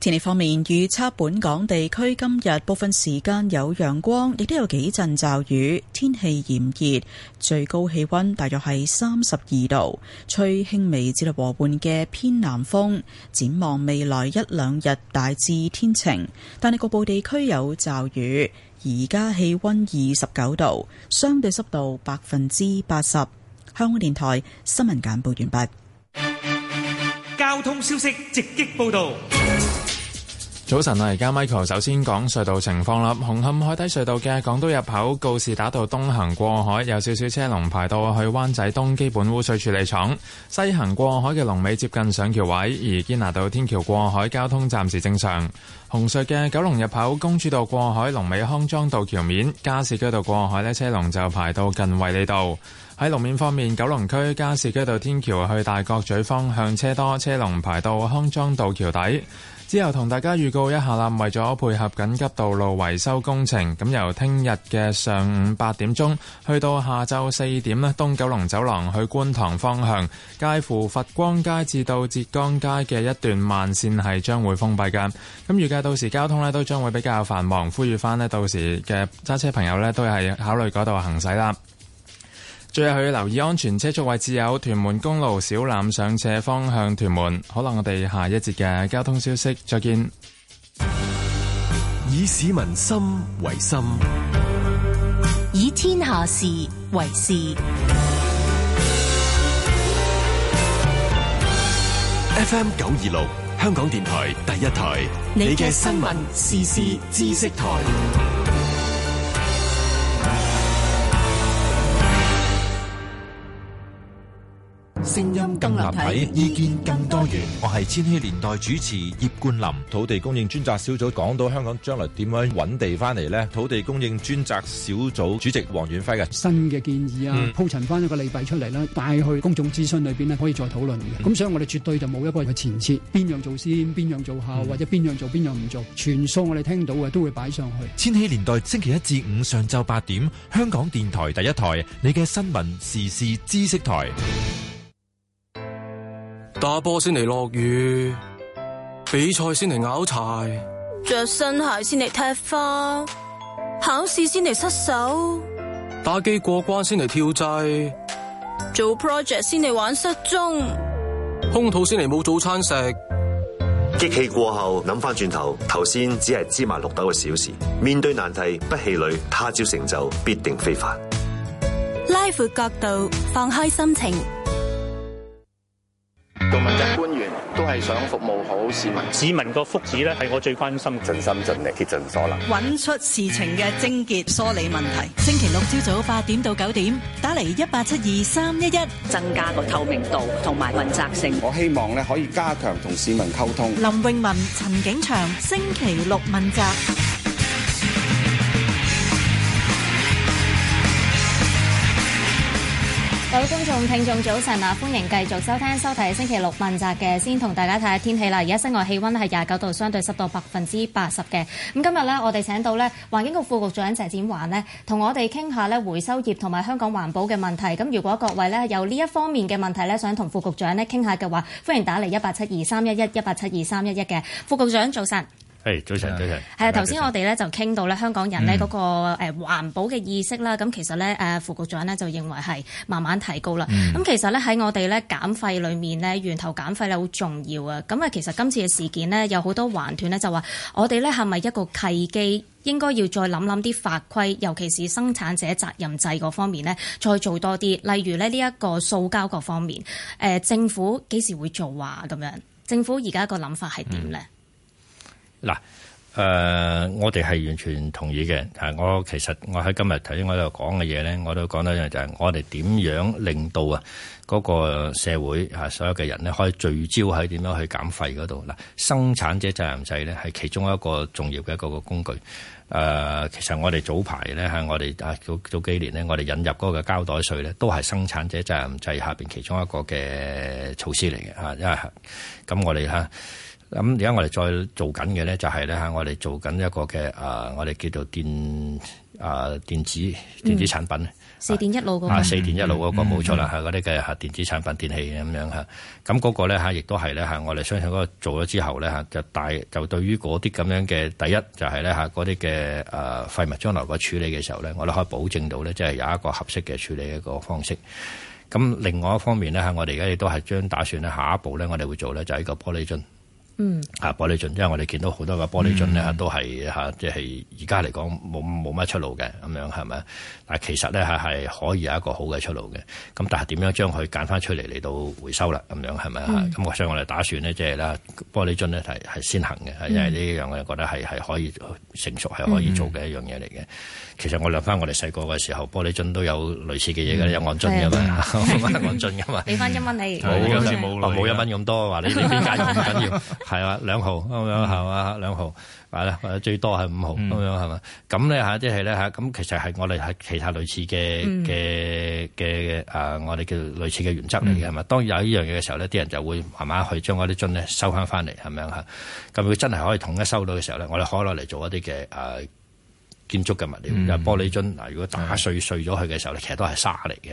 天氣方面，預測本港地區今日部分時間有陽光，亦都有幾陣驟雨。天氣炎熱，最高氣溫大約係三十二度，吹輕微至和緩嘅偏南風。展望未來一兩日大致天晴，但係局部地區有驟雨。而家氣溫二十九度，相對濕度百分之八十。香港電台新聞簡報完畢。交通消息直擊報道。早晨啊！而家 Michael 首先講隧道情況啦。紅磡海底隧道嘅港島入口，告士打道東行過海有少少車龍，排到去灣仔東基本污水處理廠。西行過海嘅龍尾接近上橋位，而堅拿道天橋過海交通暫時正常。紅隧嘅九龍入口，公主道過海龍尾康莊道橋面，加士居道過海呢，車龍就排到近衛理道。喺路面方面，九龍區加士居道天橋去大角咀方向車多，車龍排到康莊道橋底。之後同大家預告一下啦，為咗配合緊急道路維修工程，咁由聽日嘅上午八點鐘去到下晝四點咧，東九龍走廊去觀塘方向介乎佛光街至到浙江街嘅一段慢綫係將會封閉嘅。咁預計到時交通咧都將會比較繁忙，呼籲翻咧到時嘅揸車朋友咧都係考慮嗰度行駛啦。最後要留意安全車速位置有屯門公路小欖上斜方向屯門。可能我哋下一節嘅交通消息再見。以市民心為心，以天下事為事。F M 九二六香港電台第一台，你嘅新聞時事知識台。聲音更立體，意見更多元。我係千禧年代主持葉冠林。土地供應專責小組講到香港將來點樣搵地翻嚟呢？土地供應專責小組主席黃遠輝嘅新嘅建議啊，嗯、鋪陳翻一個利弊出嚟啦，帶去公眾諮詢裏邊可以再討論嘅。咁、嗯、所以我哋絕對就冇一個人嘅前設，邊樣做先，邊樣做後，嗯、或者邊樣做邊樣唔做，全數我哋聽到嘅都會擺上去。千禧年代星期一至五上晝八點，香港電台第一台，你嘅新聞時事知識台。打波先嚟落雨，比賽先嚟拗柴，着新鞋先嚟踢花，考試先嚟失手，打機過關先嚟跳掣，做 project 先嚟玩失蹤，空肚先嚟冇早餐食。激氣過後諗翻轉頭，頭先只係芝麻綠豆嘅小事。面對難題不氣餒，他朝成就必定非凡。拉闊角度，放開心情。個問責官員都係想服務好市民，市民個福祉咧，係我最關心，盡心盡力竭盡所能，揾出事情嘅症結、梳理問題。星期六朝早八點到九點，打嚟一八七二三一一，增加個透明度同埋問責性。我希望咧可以加強同市民溝通。林穎文、陳景祥，星期六問責。各位觀眾、聽眾早晨啊，歡迎繼續收聽、收睇星期六問責嘅。先同大家睇下天氣啦。而家室外氣温係廿九度，相對濕度百分之八十嘅。咁今日咧，我哋請到咧環境局副局長謝展寰呢，同我哋傾下咧回收業同埋香港環保嘅問題。咁如果各位咧有呢一方面嘅問題咧，想同副局長咧傾下嘅話，歡迎打嚟一八七二三一一一八七二三一一嘅。副局長早晨。誒，早晨，早晨。係啊，頭先我哋咧就傾到咧香港人咧嗰個環保嘅意識啦。咁、嗯、其實咧，副局長咧就認為係慢慢提高啦。咁、嗯、其實咧喺我哋咧減費裏面咧，源頭減費咧好重要啊。咁啊，其實今次嘅事件呢，有好多環團咧就話，我哋咧係咪一個契機，應該要再諗諗啲法規，尤其是生產者責任制嗰方面咧，再做多啲。例如咧呢一個塑膠各方面，政府幾時會做啊？咁樣政府而家個諗法係點咧？嗯嗱，誒、呃，我哋係完全同意嘅、啊。我其實我喺今日頭先我度講嘅嘢咧，我都講到一樣，就係我哋點樣令到啊嗰個社會、啊、所有嘅人咧可以聚焦喺點樣去減廢嗰度。嗱、啊，生產者責任制咧係其中一個重要嘅一個工具。誒、啊，其實我哋早排咧、啊，我哋啊，早早幾年咧，我哋引入嗰個膠袋稅咧，都係生產者責任制下邊其中一個嘅措施嚟嘅。因為、啊、咁、啊、我哋咁而家我哋再做緊嘅咧，就係咧嚇我哋做緊一個嘅啊，我哋叫做電啊電子電子產品四電一路嗰個四電一路嗰個冇、嗯、錯啦嚇嗰啲嘅嚇電子產品電器咁樣，嚇咁嗰個咧嚇，亦都係咧嚇我哋相信嗰個做咗之後咧嚇，就大就對於嗰啲咁樣嘅第一就係咧嚇嗰啲嘅啊廢物，將來個處理嘅時候咧，我哋可以保證到咧，即係有一個合適嘅處理一個方式。咁另外一方面咧嚇我哋而家亦都係將打算咧，下一步咧，我哋會做咧就係一個玻璃樽。嗯，吓玻璃樽，因為我哋見到好多個玻璃樽咧，都係吓，即係而家嚟講冇冇乜出路嘅，咁樣係咪？但其實咧係係可以有一個好嘅出路嘅，咁但係點樣將佢揀翻出嚟嚟到回收啦？咁樣係咪？咁我想我哋打算咧，即係啦，玻璃樽咧係係先行嘅，嗯，因為呢樣我哋覺得係係可以成熟係可以做嘅一樣嘢嚟嘅。其實我諗翻我哋細個嘅時候，玻璃樽都有類似嘅嘢嘅，有按樽嘅嘛，有按樽嘅嘛。俾翻一蚊你，冇好似冇，冇一蚊咁多話你邊緊要唔緊要？係啊，兩毫咁樣係嘛，兩毫，或者最多係五毫咁樣係嘛？咁咧嚇，即係咧嚇，咁其實係我哋係其他類似嘅嘅嘅誒，我哋叫類似嘅原則嚟嘅係嘛？當有呢樣嘢嘅時候咧，啲人就會慢慢去將嗰啲樽咧收返翻嚟咁樣嚇。咁佢真係可以統一收到嘅時候咧，我哋可以攞嚟做一啲嘅誒。建築嘅物料玻璃樽嗱，如果打碎碎咗佢嘅時候咧，其實都係沙嚟嘅。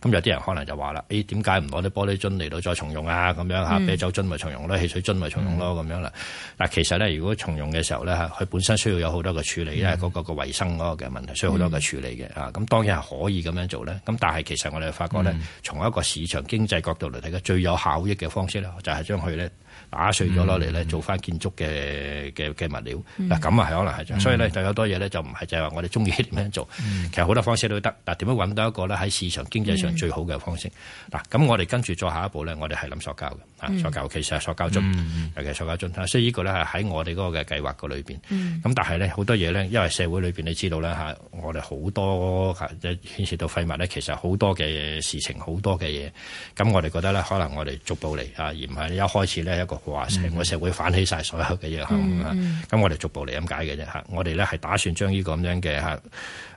咁有啲人可能就話啦，誒點解唔攞啲玻璃樽嚟到再重用啊？咁樣嚇啤酒樽咪重用咯，汽水樽咪重用咯咁樣啦。但其實咧，如果重用嘅時候咧，佢本身需要有好多嘅處理，因為嗰個嘅衞生嗰個嘅問題需要好多嘅處理嘅。啊，咁當然係可以咁樣做咧。咁但係其實我哋發覺咧，從一個市場經濟角度嚟睇嘅最有效益嘅方式咧，就係將佢咧打碎咗攞嚟咧做翻建築嘅嘅嘅物料。嗱，咁啊係可能係。所以咧，就有多嘢咧就。唔係就係、是、話我哋中意點樣做，其實好多方式都得。但點樣搵到一個咧喺市場經濟上最好嘅方式？嗱、嗯，咁我哋跟住再下一步咧，我哋係諗塑膠嘅嚇塑膠其實係塑膠樽，嗯、尤其是塑膠樽。所以呢個呢，係喺我哋嗰個嘅計劃個裏邊。咁、嗯、但係咧好多嘢咧，因為社會裏邊你知道呢，我哋好多牽涉到廢物咧，其實好多嘅事情，好多嘅嘢。咁我哋覺得咧，可能我哋逐步嚟啊，而唔係一開始咧一個話成個社會反起晒所有嘅嘢。咁我哋逐步嚟咁解嘅啫。我哋咧係打算將。啲咁樣嘅吓。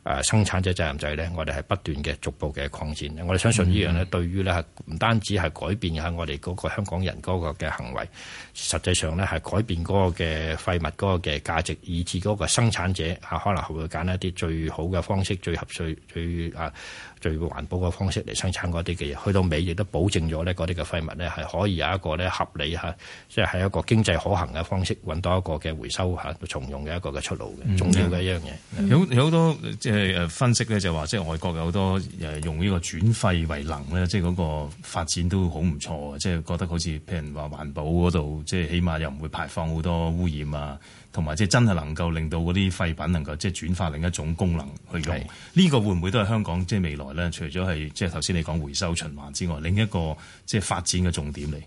誒生產者責任制咧，我哋係不斷嘅逐步嘅擴展。我哋相信依樣咧，對於咧係唔單止係改變下我哋嗰個香港人嗰個嘅行為，實際上呢，係改變嗰個嘅廢物嗰個嘅價值，以至嗰個生產者啊，可能係會揀一啲最好嘅方式、最合最最啊最環保嘅方式嚟生產嗰啲嘅嘢。去到尾亦都保證咗呢嗰啲嘅廢物呢，係可以有一個咧合理嚇，即係喺一個經濟可行嘅方式揾到一個嘅回收嚇、重用嘅一個嘅出路嘅。嗯、重要嘅一樣嘢、嗯，有好多誒分析咧就話，即係外國有好多誒用呢個轉廢為能咧，即係嗰個發展都好唔錯。即係覺得好似譬如話環保嗰度，即係起碼又唔會排放好多污染啊，同埋即係真係能夠令到嗰啲廢品能夠即係轉化另一種功能去用。呢是個會唔會都係香港即係未來咧？除咗係即係頭先你講回收循環之外，另一個即係發展嘅重點嚟。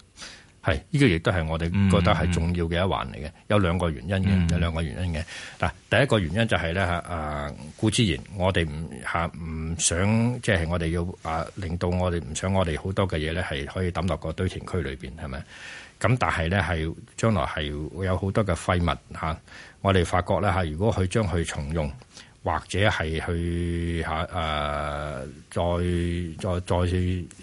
係，呢、呢個亦都係我哋覺得係重要嘅一環嚟嘅。嗯嗯有兩個原因嘅，有兩、嗯嗯、個原因嘅。嗱，第一個原因就係咧嚇，啊，固之然我哋唔唔想，即、就、係、是、我哋要啊，令到我哋唔想我哋好多嘅嘢咧係可以抌落個堆填區裏面，係咪？咁但係咧係將來係會有好多嘅廢物嚇、啊，我哋發覺咧嚇，如果佢將佢重用，或者係去啊、呃、再再再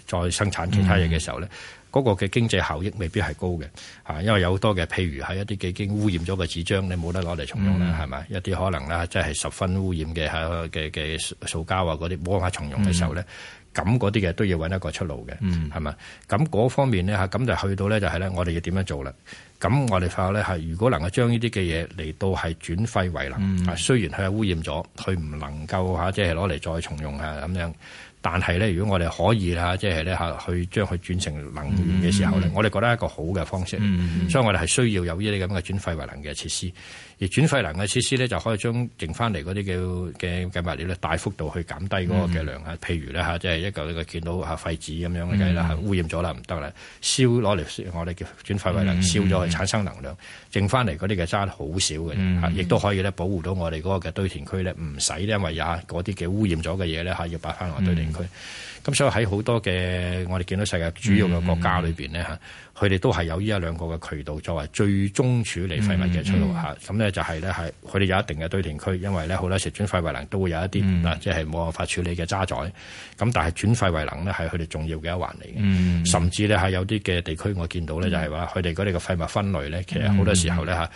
再生產其他嘢嘅時候咧。嗯嗰個嘅經濟效益未必係高嘅嚇，因為有好多嘅譬如係一啲已經污染咗嘅紙張，你冇得攞嚟重用啦，係咪、嗯？一啲可能啦，即係十分污染嘅嚇嘅嘅塑膠啊嗰啲，冇辦法重用嘅時候咧，咁嗰啲嘅都要搵一個出路嘅，係咪、嗯？咁嗰方面咧嚇，咁就去到咧就係咧，我哋要點樣做啦？咁我哋發覺咧係如果能夠將呢啲嘅嘢嚟到係轉廢為能，嗯、雖然佢係污染咗，佢唔能夠嚇即係攞嚟再重用啊咁樣。但係咧，如果我哋可以啦，即係咧嚇去將佢轉成能源嘅時候咧，嗯嗯我哋覺得係一個好嘅方式。嗯嗯嗯所以我哋係需要有呢啲咁嘅轉廢為能嘅設施。而轉廢能嘅設施咧，就可以將剩翻嚟嗰啲嘅嘅嘅物料咧，大幅度去減低嗰個嘅量啊。嗯、譬如咧即係一嚿呢個見到嚇廢紙咁樣嘅啦，嗯、污染咗啦，唔得啦，燒攞嚟，我哋叫轉廢為能，燒咗去產生能量，嗯嗯、剩翻嚟嗰啲嘅渣好少嘅，亦都可以咧保護到我哋嗰個嘅堆填區咧，唔使因為也嗰啲嘅污染咗嘅嘢咧要擺翻落堆填區。嗯嗯咁所以喺好多嘅我哋見到世界主要嘅國家裏邊咧吓，佢哋，嗯嗯、都係有依一兩個嘅渠道作為最終處理廢物嘅出路吓，咁咧，嗯嗯、就係咧係佢哋有一定嘅堆填區，因為咧好多時，轉廢為能都會有一啲嗱，即係冇辦法處理嘅渣滓。咁，嗯、但係轉廢為能咧係佢哋重要嘅一環嚟嘅。嗯、甚至咧係有啲嘅地區我見到咧就係話，佢哋嗰啲嘅廢物分類咧，其實好多時候咧吓，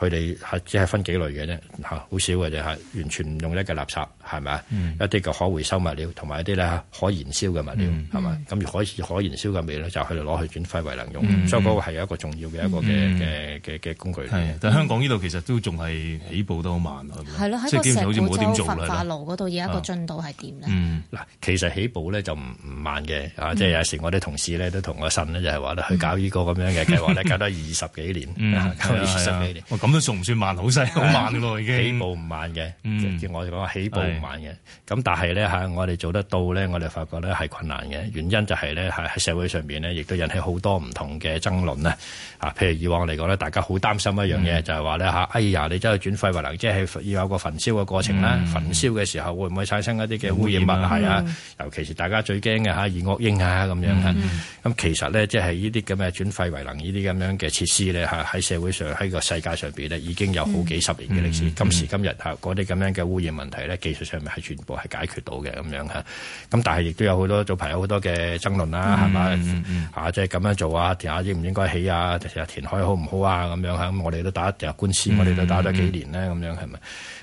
佢哋係只係分幾類嘅啫吓，好少嘅就係完全唔用一嚿垃圾。係咪啊？一啲嘅可回收物料，同埋一啲咧可燃燒嘅物料，係咪？咁如可可燃燒嘅物料就去攞去轉廢為能用，所以嗰個係有一個重要嘅一個嘅嘅嘅嘅工具。但香港呢度其實都仲係起步都好慢，係咪？係咯，好似冇點做。焚化爐嗰度有一個進度係點咧？嗱，其實起步咧就唔唔慢嘅啊！即係有時我啲同事咧都同我呻咧，就係話咧，佢搞呢個咁樣嘅計劃咧，搞咗二十幾年，搞二十幾年，咁都仲唔算慢？好細，好慢已經。起步唔慢嘅，我哋講起步。慢嘅，咁、嗯、但係咧嚇，我哋做得到咧，我哋發覺咧係困難嘅，原因就係咧喺社會上邊咧，亦都引起好多唔同嘅爭論啊！啊，譬如以往嚟講咧，大家好擔心一樣嘢，嗯、就係話咧嚇，哎呀，你走去轉廢為能，即係要有個焚燒嘅過程啦，嗯、焚燒嘅時候會唔會產生一啲嘅污染物係、嗯嗯、啊？尤其是大家最驚嘅嚇二惡英啊咁樣咁、嗯嗯、其實咧，即係呢啲咁嘅轉廢為能呢啲咁樣嘅設施咧，嚇喺社會上喺個世界上邊咧，已經有好幾十年嘅歷史。嗯嗯嗯、今時今日嚇，嗰啲咁樣嘅污染問題咧，技術。上面係全部係解決到嘅咁樣嚇，咁但係亦都有好多早排有好多嘅爭論啦，係咪、mm？嚇、hmm.，即係咁樣做啊，填下應唔應該起啊，填海好唔好啊咁樣嚇，咁我哋都打一場官司，我哋都打咗幾年啦，咁樣係咪？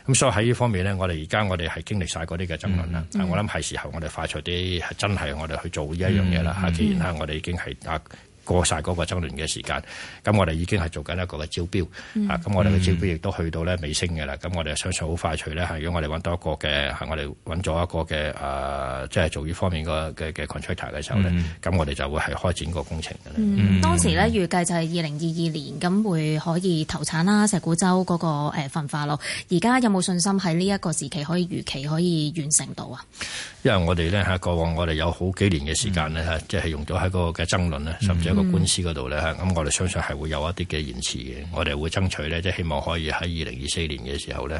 咁、hmm. 所以喺呢方面咧，我哋而家我哋係經歷晒嗰啲嘅爭論啦，mm hmm. 我諗係時候我哋快脆啲，係真係我哋去做呢一樣嘢啦。Mm hmm. 既然咧，我哋已經係打。過晒嗰個爭論嘅時間，咁我哋已經係做緊一個嘅招標，嗯、啊，咁我哋嘅招標亦都去到咧尾聲嘅啦。咁我哋相信好快脆咧，係如果我哋揾多個嘅，係我哋揾咗一個嘅誒、呃，即係做呢方面嘅嘅嘅 contractor 嘅時候咧，咁、嗯、我哋就會係開展個工程嘅咧。嗯嗯、當時咧預計就係二零二二年，咁會可以投產啦、那個，石鼓洲嗰個誒焚化爐。而家有冇信心喺呢一個時期可以如期可以完成到啊？因為我哋咧喺過往，我哋有好幾年嘅時間咧，嗯、即係用咗喺個嘅爭論咧，甚至喺個官司嗰度咧，咁我哋相信係會有一啲嘅延遲嘅，我哋會爭取咧，即係希望可以喺二零二四年嘅時候咧，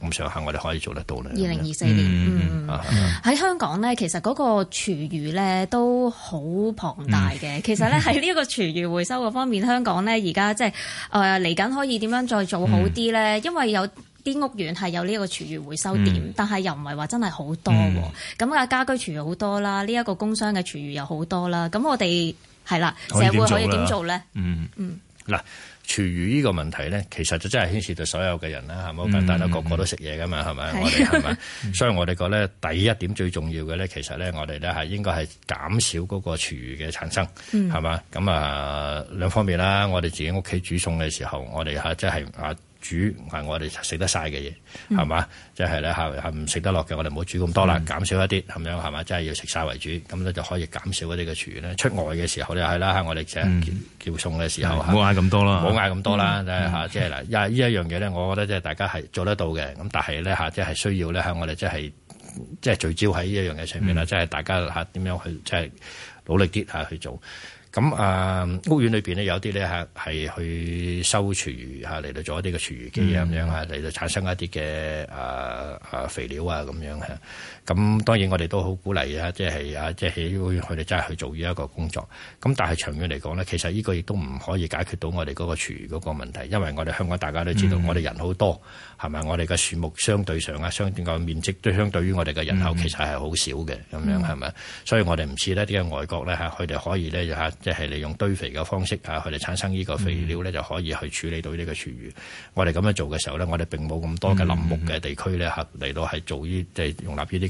咁上下我哋可以做得到咧。二零二四年，嗯，喺、嗯嗯、香港咧，其實嗰個廚餘咧都好龐大嘅。嗯、其實咧喺呢個個廚餘回收嘅方面，香港咧而家即係誒嚟緊可以點樣再做好啲咧？因為有啲屋苑係有呢一個廚餘回收點，嗯、但係又唔係話真係好多喎。咁啊、嗯，家居廚餘好多啦，呢一個工商嘅廚餘又好多啦。咁我哋係啦，社會可以點做咧？嗯嗯，嗱、嗯，廚餘呢個問題咧，其實就真係牽涉到所有嘅人啦，係咪？好簡單啦，個、嗯、個都食嘢噶嘛，係咪？的我哋係咪？嗯、所以我哋覺得第一點最重要嘅咧，其實咧，我哋咧係應該係減少嗰個廚餘嘅產生，係嘛？咁啊、嗯，兩方面啦，我哋自己屋企煮餸嘅時候，我哋即係啊。煮唔係我哋食得晒嘅嘢，係嘛、嗯？即係咧嚇，係唔食得落嘅，我哋唔好煮咁多啦，減、嗯、少一啲咁樣，係嘛？即、就、係、是、要食晒為主，咁咧就可以減少一啲嘅廚餘咧。出外嘅時候咧係啦，我哋即係叫餸嘅、嗯、時候嚇，冇嗌咁多啦，冇嗌咁多啦，即係嚇，即係嗱，因為呢一樣嘢咧，我覺得即係大家係做得到嘅。咁但係咧嚇，即、就、係、是、需要咧喺我哋即係即係聚焦喺呢一樣嘢上面啦，即係、嗯、大家嚇點樣去即係努力啲嚇去做。咁啊，屋苑裏邊咧有啲咧吓，係去收廚餘吓嚟到做一啲嘅廚餘機咁、嗯、樣嚇嚟到產生一啲嘅啊啊肥料啊咁樣吓。咁當然我哋都好鼓勵啊，即係啊，即係佢哋真係去做呢一個工作。咁但係長遠嚟講呢，其實呢個亦都唔可以解決到我哋嗰個廚餘嗰個問題，因為我哋香港大家都知道我、嗯，我哋人好多，係咪？我哋嘅樹木相對上啊，相對個面積都相對於我哋嘅人口其實係好少嘅，咁樣係咪？所以我哋唔似呢啲外國呢，佢哋可以呢，即、就、係、是、利用堆肥嘅方式嚇，佢哋產生呢個肥料呢，就可以去處理到呢個廚餘。嗯、我哋咁樣做嘅時候呢，我哋並冇咁多嘅林木嘅地區呢，嚟、嗯嗯、到係做呢，即係容納呢啲。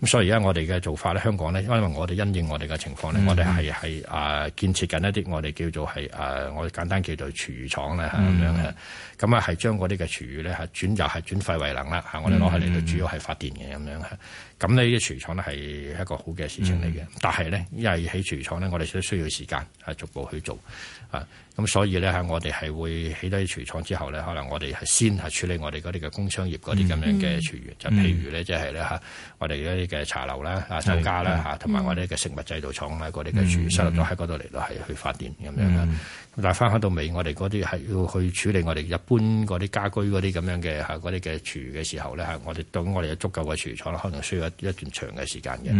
咁所以而家我哋嘅做法咧，香港咧，因為我哋因應我哋嘅情況咧、嗯啊，我哋係係啊建設緊一啲我哋叫做係啊，我簡單叫做廚餘廠咧咁、嗯、樣嘅，咁啊係將嗰啲嘅廚餘咧嚇轉又係轉廢為能啦嚇，我哋攞喺嚟到主要係發電嘅咁、嗯、樣咁呢啲廚廠咧係一個好嘅事情嚟嘅，嗯、但係呢，因為起廚廠呢，我哋都需要時間係逐步去做啊。咁所以咧我哋係會起低廚廠之後咧，可能我哋係先係處理我哋嗰啲嘅工商業嗰啲咁樣嘅廚餘，嗯、就譬如咧即係咧嚇我哋嘅茶樓啦、啊酒家啦嚇，同埋的我哋嘅食物製造廠啦，嗰啲嘅廚餘收入都喺嗰度嚟到係去發電咁、嗯、樣啦。但係翻返到尾，我哋嗰啲係要去處理我哋一般嗰啲家居嗰啲咁樣嘅嚇，嗰啲嘅廚餘嘅時候咧嚇，我哋對我哋有足夠嘅廚餘廠，可能需要一段長嘅時間嘅。咁、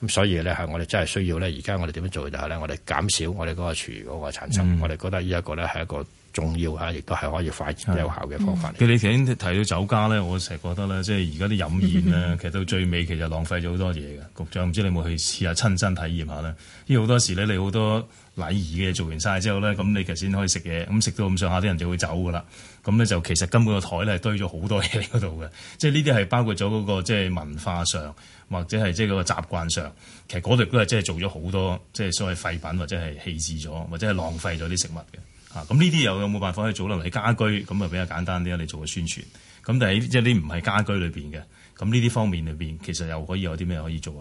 嗯、所以咧嚇，我哋真係需要咧，而家我哋點樣做就係咧，我哋減少我哋嗰個廚餘嗰個產生。嗯、我哋覺得呢一個咧係一個。重要啊！亦都係可以快有效嘅方法。嗯、你頭先提到酒家咧，我成日覺得咧，即係而家啲飲宴咧， *laughs* 其實到最尾其實浪費咗好多嘢嘅。局長唔知你有冇去試下親身體驗下咧？因為好多時咧，你好多禮儀嘅做完晒之後咧，咁你其實先可以食嘢。咁食到咁上下，啲人就會走噶啦。咁咧就其實根本個台咧係堆咗好多嘢喺度嘅。即係呢啲係包括咗嗰個即係文化上，或者係即係嗰個習慣上，其實嗰度都係即係做咗好多即係所謂廢品或者係棄置咗，或者係浪費咗啲食物嘅。啊！咁呢啲又有冇辦法可以做咧？例如家居咁啊，就比較簡單啲啊，你做個宣傳。咁但係即係啲唔係家居裏邊嘅，咁呢啲方面裏邊，其實又可以有啲咩可以做呀？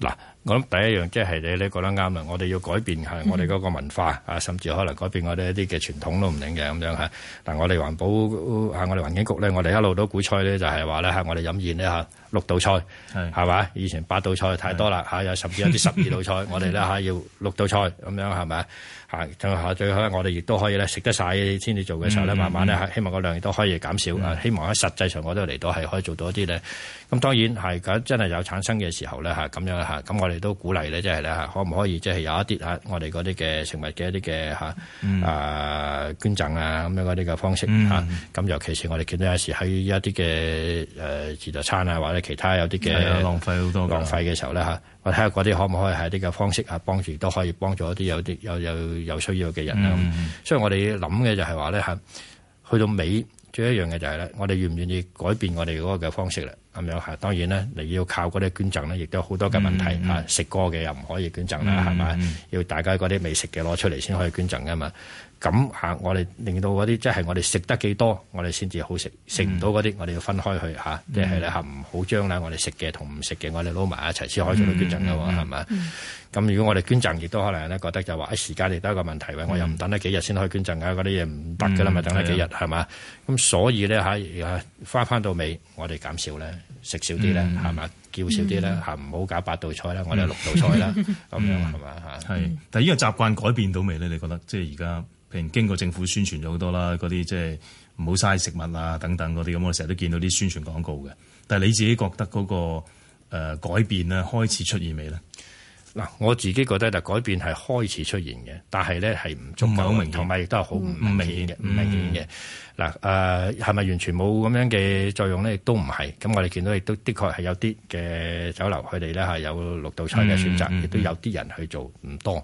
咧嗱。我諗第一樣即係、就是、你咧講得啱啊！我哋要改變係我哋嗰個文化啊，嗯、甚至可能改變我哋一啲嘅傳統都唔定嘅咁樣嚇。但係我哋環保係我哋環境局咧，我哋一路都鼓吹咧，就係話咧嚇，我哋飲宴咧嚇六道菜係係嘛？以前八道菜太多啦嚇，有是甚至有啲十二道菜， *laughs* 我哋咧嚇要六道菜咁樣係咪啊？ *laughs* 最好咧，我哋亦都可以咧食得曬先至做嘅時候咧，嗯嗯嗯慢慢咧，希望個量亦都可以減少啊！嗯嗯，希望喺實際上我都嚟到係可以做到一啲咧。咁當然係，真係有產生嘅時候咧嚇咁樣嚇，咁我。都鼓勵咧，即係咧，可唔可以即係有一啲嚇我哋嗰啲嘅食物嘅一啲嘅嚇啊捐贈啊咁樣嗰啲嘅方式嚇？咁、嗯、尤其是我哋見到有時喺一啲嘅誒自助餐啊，或者其他有啲嘅、嗯、浪費好多的浪費嘅時候咧嚇，我睇下嗰啲可唔可以喺啲嘅方式啊，幫住都可以幫助一啲有啲有有有需要嘅人啦。嗯、所以我哋諗嘅就係話咧嚇，去到尾最、最一樣嘅就係咧，我哋願唔願意改變我哋嗰個嘅方式咧？咁樣嚇，當然啦，你要靠嗰啲捐贈咧，亦都有好多嘅問題嚇。食過嘅又唔可以捐贈啦，係咪？要大家嗰啲未食嘅攞出嚟先可以捐贈啊嘛。咁嚇，我哋令到嗰啲即係我哋食得幾多，我哋先至好食。食唔到嗰啲，我哋要分開去嚇，即係咧嚇唔好將咧我哋食嘅同唔食嘅，我哋撈埋一齊先可以去捐贈咯，係咪？咁如果我哋捐贈，亦都可能咧覺得就話，啊時間亦都係一個問題，我又唔等得幾日先可以捐贈啊，嗰啲嘢唔得噶啦，咪，等得幾日係嘛？咁所以咧嚇，返返到尾，我哋減少咧。食少啲咧，係嘛、嗯、叫少啲咧，唔好、嗯、搞八道菜啦，嗯、我哋六道菜啦，咁、嗯、樣係嘛吓係，但呢個習慣改變到未咧？你覺得即係而家，譬如經過政府宣傳咗好多啦，嗰啲即係唔好嘥食物啊等等嗰啲咁，我哋成日都見到啲宣傳廣告嘅。但係你自己覺得嗰、嗰個、呃、改變咧開始出現未咧？嗱，我自己覺得就改變係開始出現嘅，但係咧係唔足夠，同埋亦都係好唔明顯嘅，唔、嗯、明顯嘅。嗱、嗯，誒係咪完全冇咁樣嘅作用咧？亦都唔係。咁我哋見到亦都的確係有啲嘅酒樓，佢哋咧係有六道菜嘅選擇，亦、嗯嗯、都有啲人去做，唔多。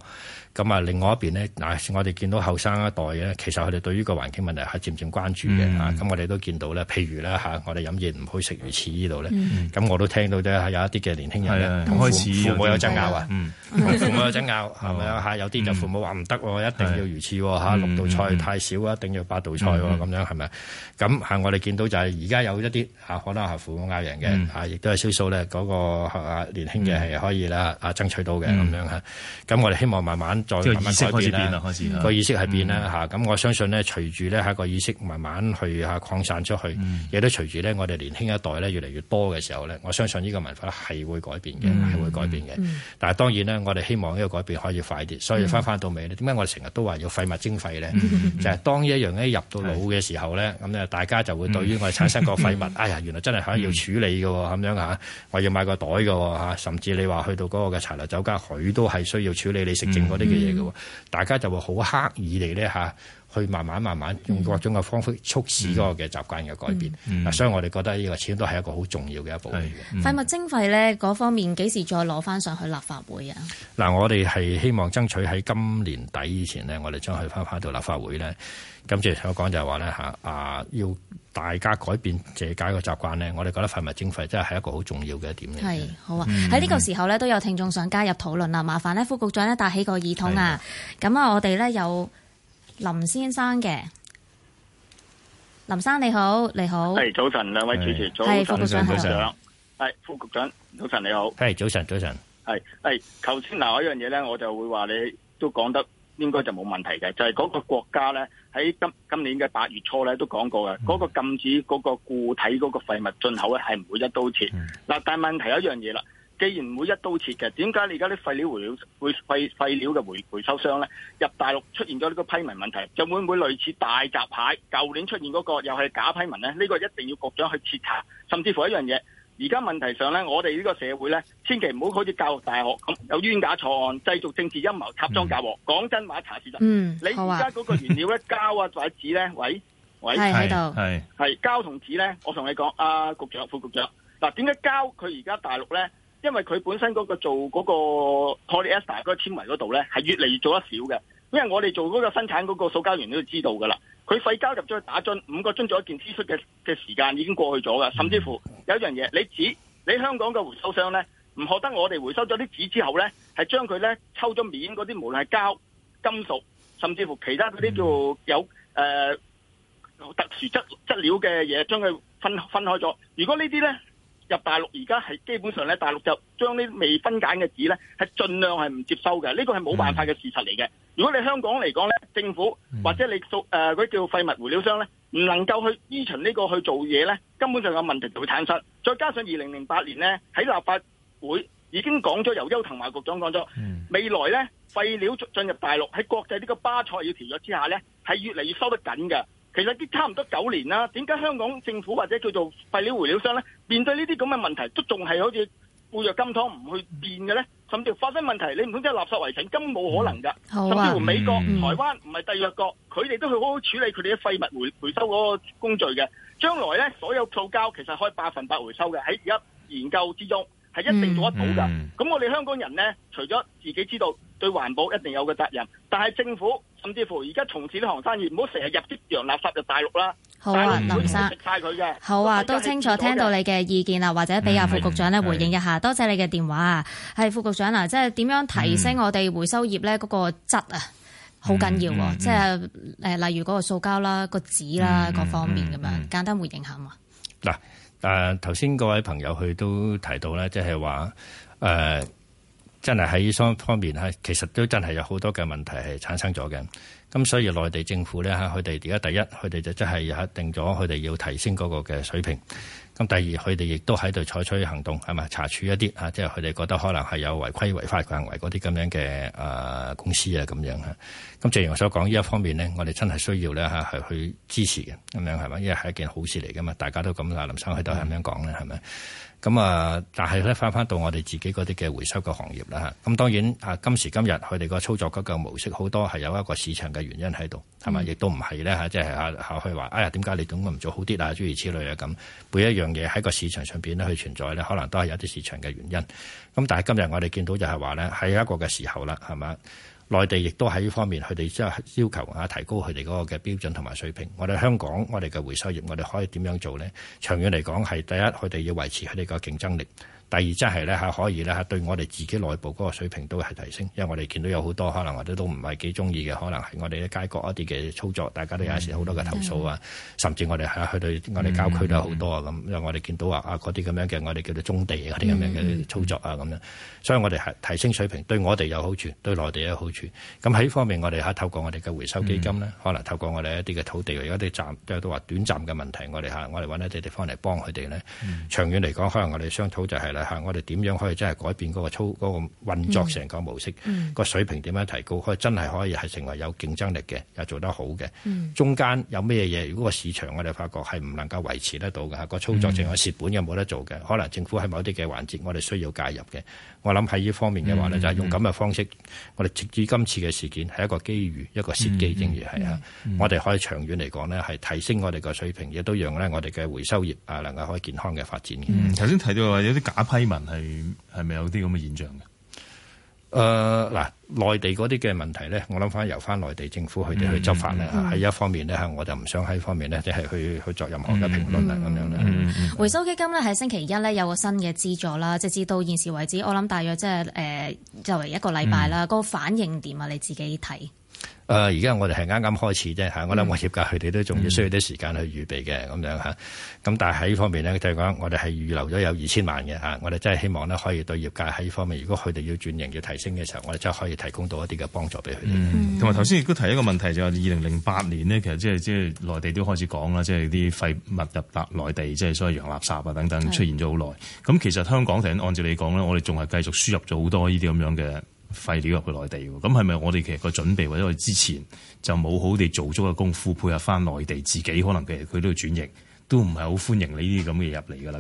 咁啊，另外一邊呢，嗱，我哋見到後生一代嘅，其實佢哋對於個環境問題係漸漸關注嘅。咁我哋都見到咧，譬如咧嚇，我哋飲嘢唔好食魚翅呢度咧。咁我都聽到咧，有一啲嘅年輕人咧，同父母有爭拗啊，父母有爭拗係咪？有啲就父母話唔得喎，一定要魚翅喎，六道菜太少啊，一定要八道菜喎，咁樣係咪？咁我哋見到就係而家有一啲，可能係父母嗌人嘅，亦都係少數咧，嗰個年輕嘅係可以啦，爭取到嘅咁樣。咁我哋希望慢慢。再慢慢改變咧，個意識係變啦。嚇，咁我相信咧，隨住咧係一個意識慢慢去嚇擴散出去，亦都隨住咧我哋年輕一代咧越嚟越多嘅時候咧，我相信呢個文化係會改變嘅，係會改變嘅。但係當然咧，我哋希望呢個改變可以快啲。所以翻翻到尾咧，點解我哋成日都話要廢物徵費咧？就係當一樣嘢入到腦嘅時候咧，咁咧大家就會對於我哋產生個廢物，哎呀，原來真係可能要處理嘅咁樣嚇，我要買個袋嘅嚇，甚至你話去到嗰個嘅茶樓酒家，佢都係需要處理你食剩嗰啲嘢嘅，大家就會好刻意嚟，咧吓。去慢慢慢慢用各種嘅方法促使嗰個嘅習慣嘅改變。嗱、嗯，嗯嗯、所以我哋覺得呢個始終都係一個好重要嘅一步。廢、嗯、物徵費呢嗰方面幾時再攞翻上去立法會啊？嗱，我哋係希望爭取喺今年底以前呢，我哋將去翻翻到立法會呢。今次想講就係話呢，嚇啊，要大家改變借解嘅習慣呢我哋覺得廢物徵費真係一個好重要嘅一點嚟。好啊！喺呢個時候呢，都有聽眾想加入討論啦。麻煩呢，副局長呢，戴起個耳筒啊。咁啊的，我哋呢，有。林先生嘅，林生你好，你好，係早晨，兩位主持，係早晨，係副局長，係副局長，早晨你好，係早晨，早晨，係係，頭先嗱有一樣嘢咧，我就會話你都講得應該就冇問題嘅，就係、係、嗰個國家咧喺今今年嘅八月初咧都講過嘅，嗰、嗯、個禁止嗰個固體嗰個廢物進口咧係唔會一刀切，嗱、嗯、但係問題有一樣嘢啦。既然唔會一刀切嘅，點解你而家啲廢料回，回廢料回、廢廢料嘅回回收商咧入大陸出現咗呢個批文問題，就會唔會類似大閘蟹舊年出現嗰個又係假批文咧？呢、這個一定要局長去徹查，甚至乎一樣嘢。而家問題上咧，我哋呢個社會咧，千祈唔好好似教育大學咁有冤假錯案、製造政治陰謀、插贓嫁禍。講真話查事實。嗯，你而家嗰個原料咧，膠啊或者紙咧，喂喂，係喺度，係係膠同紙咧，我同你講，阿、啊、局長、副局長嗱，點解膠佢而家大陸咧？因為佢本身嗰個做嗰個 polyester 嗰個纖維嗰度咧，係越嚟越做得少嘅。因為我哋做嗰個生產嗰個塑膠員都知道噶啦，佢廢膠入咗去打樽五個樽做一件 T 恤嘅嘅時間已經過去咗噶，甚至乎有一樣嘢，你指你香港嘅回收商咧，唔學得我哋回收咗啲紙之後咧，係將佢咧抽咗面嗰啲，無論係膠、金屬，甚至乎其他嗰啲叫有誒、呃、特殊質質料嘅嘢，將佢分分開咗。如果呢啲咧，入大陸而家係基本上咧，大陸就將呢未分揀嘅紙咧，係盡量係唔接收嘅。呢個係冇辦法嘅事實嚟嘅。如果你香港嚟講咧，政府或者你數誒嗰啲叫廢物回收商咧，唔能夠去依循呢個去做嘢咧，根本上有問題就會產生。再加上二零零八年咧，喺立法會已經講咗，由邱騰華局長講咗，未來咧廢料進入大陸喺國際呢個巴塞要條約之下咧，係越嚟越收得緊嘅。其實都差唔多九年啦，點解香港政府或者叫做廢料回料商咧，面對呢啲咁嘅問題都仲係好似固若金湯唔去變嘅咧？甚至發生問題，你唔通即係垃圾圍城，根本冇可能噶。啊、甚至乎美國、嗯、台灣唔係帝弱國，佢哋都去好好處理佢哋嘅廢物回回收嗰個工序嘅。將來咧，所有塑膠其實可以百分百回收嘅，喺而家研究之中。係一定做得到噶，咁我哋香港人呢，除咗自己知道對環保一定有嘅責任，但係政府甚至乎而家從事呢行生意，唔好成日入啲洋垃圾入大陸啦。好啊，林生，食晒佢嘅。好啊，都清楚聽到你嘅意見啊，或者俾阿副局長呢回應一下。多謝你嘅電話啊，係副局長啊，即係點樣提升我哋回收業呢嗰個質啊？好緊要喎，即係誒，例如嗰個塑膠啦、個紙啦，各方面咁樣，簡單回應下嘛。嗱。但係頭先各位朋友佢都提到咧，即係話誒。真係喺呢方面其實都真係有好多嘅問題係產生咗嘅。咁所以內地政府咧佢哋而家第一，佢哋就真係一定咗，佢哋要提升嗰個嘅水平。咁第二，佢哋亦都喺度採取行動係咪查處一啲、啊、即係佢哋覺得可能係有違規違法行為嗰啲咁樣嘅啊、呃、公司啊，咁樣，咁正如我所講，呢一方面呢，我哋真係需要咧係、啊、去支持嘅，咁樣係嘛，因為係一件好事嚟噶嘛，大家都咁啊，林生喺度係咁樣講咧，係咪？嗯咁啊！但係咧，翻翻到我哋自己嗰啲嘅回收嘅行業啦吓。咁當然啊，今時今日佢哋個操作嗰個模式好多係有一個市場嘅原因喺度，係嘛？嗯、亦都唔係咧吓，即係下下去話，哎呀，點解你咁唔做好啲啊？諸如此類啊咁，每一樣嘢喺個市場上邊咧去存在咧，可能都係有啲市場嘅原因。咁但係今日我哋見到就係話咧，喺一個嘅時候啦，係嘛？內地亦都喺呢方面，佢哋即係要求啊，提高佢哋嗰個嘅標準同埋水平。我哋香港，我哋嘅回收業，我哋可以點樣做咧？長遠嚟講，係第一，佢哋要維持佢哋個競爭力。第二真係咧嚇可以咧嚇，對我哋自己內部嗰個水平都係提升，因為我哋見到有好多可能或者都唔係幾鍾意嘅，可能係我哋街角一啲嘅操作，大家都有時好多嘅投訴啊，嗯、甚至我哋去到我哋郊區都有好多啊咁，嗯嗯、因為我哋見到話啊嗰啲咁樣嘅我哋叫做棕地嗰啲咁樣嘅操作啊咁、嗯、樣，所以我哋係提升水平對我哋有好處，對內地有好處。咁喺呢方面我哋嚇透過我哋嘅回收基金呢，嗯、可能透過我哋一啲嘅土地，而家啲站都有都話短暫嘅問題，我哋嚇我哋搵一啲地方嚟幫佢哋呢。長遠嚟講，可能我哋商討就係、是係、啊、我哋點樣可以真係改變嗰個操嗰、嗰個運作成個模式，個、嗯嗯、水平點樣提高，可以真係可以係成為有競爭力嘅，又做得好嘅。嗯、中間有咩嘢？如果個市場我哋發覺係唔能夠維持得到嘅，嗰個操作淨係蝕本有冇得做嘅。可能政府喺某啲嘅環節，我哋需要介入嘅。我諗喺呢方面嘅話呢、嗯、就係用咁嘅方式，嗯、我哋直至今次嘅事件係一個機遇，一個契機，正如係啊，嗯、我哋可以長遠嚟講呢係提升我哋個水平，亦都讓呢我哋嘅回收業啊能夠可以健康嘅發展。頭先、嗯嗯、提到話有啲假。批文係，係咪有啲咁嘅現象嘅？誒嗱、呃，內地嗰啲嘅問題咧，我諗翻由翻內地政府佢哋去執法咧，喺、嗯嗯、一方面咧，係我就唔想喺方面咧，即、就、係、是、去去作任何嘅評論啦，咁、嗯、樣咧。嗯嗯、對 回收基金咧喺星期一咧有一個新嘅資助啦，直至到現時為止，我諗大約即係誒作為一個禮拜啦，嗯、個反應點啊？你自己睇。誒，而家、呃、我哋係啱啱開始啫吓、嗯就是，我諗我業界佢哋都仲要需要啲時間去預備嘅咁樣吓，咁但係喺呢方面呢，就係講我哋係預留咗有二千萬嘅吓，我哋真係希望呢，可以對業界喺呢方面，如果佢哋要轉型要提升嘅時候，我哋真係可以提供到一啲嘅幫助俾佢哋。同埋頭先亦都提一個問題就係二零零八年呢，其實即係即係內地都開始講啦，即係啲廢物入大陸內地，即係所謂洋垃圾啊等等出現咗好耐。咁是的 其實香港頭先按照你講呢，我哋仲係繼續輸入咗好多呢啲咁樣嘅。廢料入去內地，咁係咪我哋其實個準備或者我哋之前就冇好地做足嘅功夫配合返內地自己，可能其實佢都要轉型，都唔係好歡迎呢啲咁嘅嘢入嚟噶啦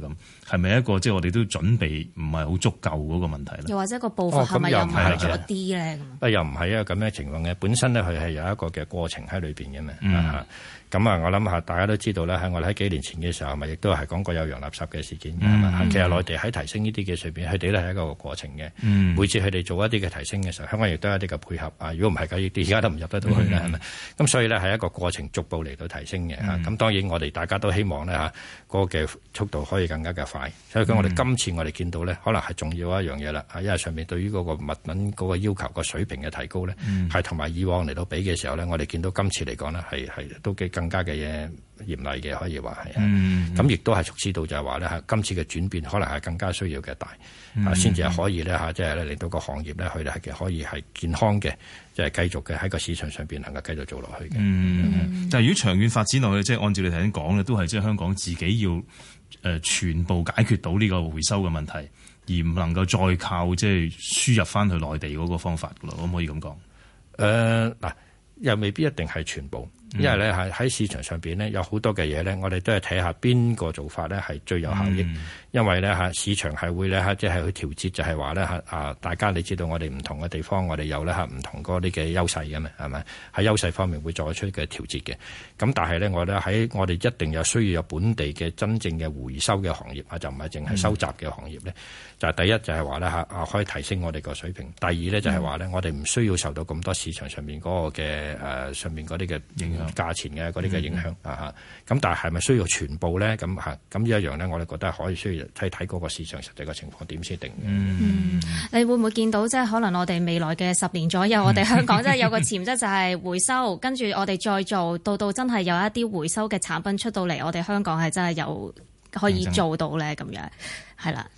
咁。係咪一個即係、就是、我哋都準備唔係好足夠嗰個問題咧？又或者個步伐係咪、哦、又慢咗啲咧？又唔係一個咁嘅情況嘅，本身咧佢係有一個嘅過程喺裏面嘅嘛。嗯嗯咁啊，我諗下，大家都知道啦。喺我哋喺幾年前嘅時候，咪亦都係講過有洋垃圾嘅事件、嗯、其實內地喺提升呢啲嘅水平，佢哋咧係一個過程嘅。嗯、每次佢哋做一啲嘅提升嘅時候，香港亦都有一啲嘅配合啊。如果唔係嘅，啲而家都唔入得到去咁、嗯、所以呢，係一個過程逐步嚟到提升嘅。咁、嗯、當然我哋大家都希望呢嗰個嘅速度可以更加嘅快。所以我哋今次我哋見到呢，可能係重要一樣嘢啦。因為上面對於嗰個物品嗰個要求個水平嘅提高呢，係同埋以往嚟到比嘅時候呢，我哋見到今次嚟講呢，係都幾。更加嘅嘢嚴厲嘅可以話係啊，咁亦都係促使到就係話咧嚇今次嘅轉變可能係更加需要嘅大啊，先至係可以咧嚇即係咧令到個行業咧佢哋係可以係健康嘅，即、就、係、是、繼續嘅喺個市場上邊能夠繼續做落去嘅。嗯，嗯但係如果長遠發展落去，即係按照你頭先講嘅，都係即係香港自己要誒全部解決到呢個回收嘅問題，而唔能夠再靠即係輸入翻去內地嗰個方法，可唔可以咁講？誒嗱、呃，又未必一定係全部。因為咧喺喺市場上面咧有好多嘅嘢咧，我哋都係睇下邊個做法咧係最有效益。嗯、因為咧市場係會咧即係去調節，就係話咧啊大家你知道我哋唔同嘅地方，我哋有咧唔同嗰啲嘅優勢㗎嘛係咪？喺優勢方面會做出嘅調節嘅。咁但係咧我覺得喺我哋一定有需要有本地嘅真正嘅回收嘅行業啊，就唔係淨係收集嘅行業咧。就第一就係話咧啊可以提升我哋個水平。第二咧就係話咧我哋唔需要受到咁多市場上面嗰個嘅上面嗰啲嘅影響。價錢嘅嗰啲嘅影響啊嚇，咁、嗯、但係係咪需要全部咧？咁嚇，咁依一樣咧，我哋覺得可以需要睇睇嗰個市場實際嘅情況點先定。嗯，你會唔會見到即係可能我哋未來嘅十年左右，我哋香港即係有個潛質就係回收，跟住 *laughs* 我哋再做到到真係有一啲回收嘅產品出到嚟，我哋香港係真係有可以做到咧咁樣，係啦的。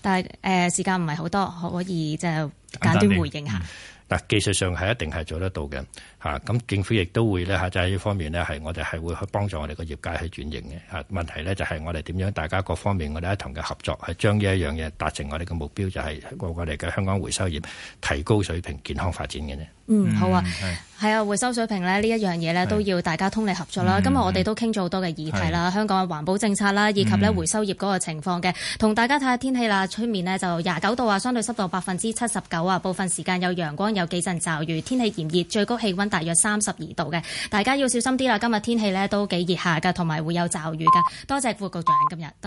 但係誒時間唔係好多，可以即係簡短回應下。嗯嗱，技術上係一定係做得到嘅嚇。咁政府亦都會咧嚇，就係呢方面咧，係我哋係會去幫助我哋個業界去轉型嘅嚇。問題咧就係我哋點樣大家各方面我哋一同嘅合作，係將呢一樣嘢達成我哋嘅目標，就係我我哋嘅香港回收業提高水平、健康發展嘅咧。嗯，好啊，係、嗯、啊，回收水平咧呢一樣嘢咧都要大家通力合作啦。嗯、今日我哋都傾咗好多嘅議題啦，是香港嘅環保政策啦，以及咧回收業嗰個情況嘅，同大家睇下天氣啦。外面咧就廿九度啊，相對濕度百分之七十九啊，部分時間有陽光，有幾陣驟雨，天氣炎熱，最高氣溫大約三十二度嘅，大家要小心啲啦。今日天，天氣咧都幾熱下噶，同埋會有驟雨嘅。多謝副局長今日多謝。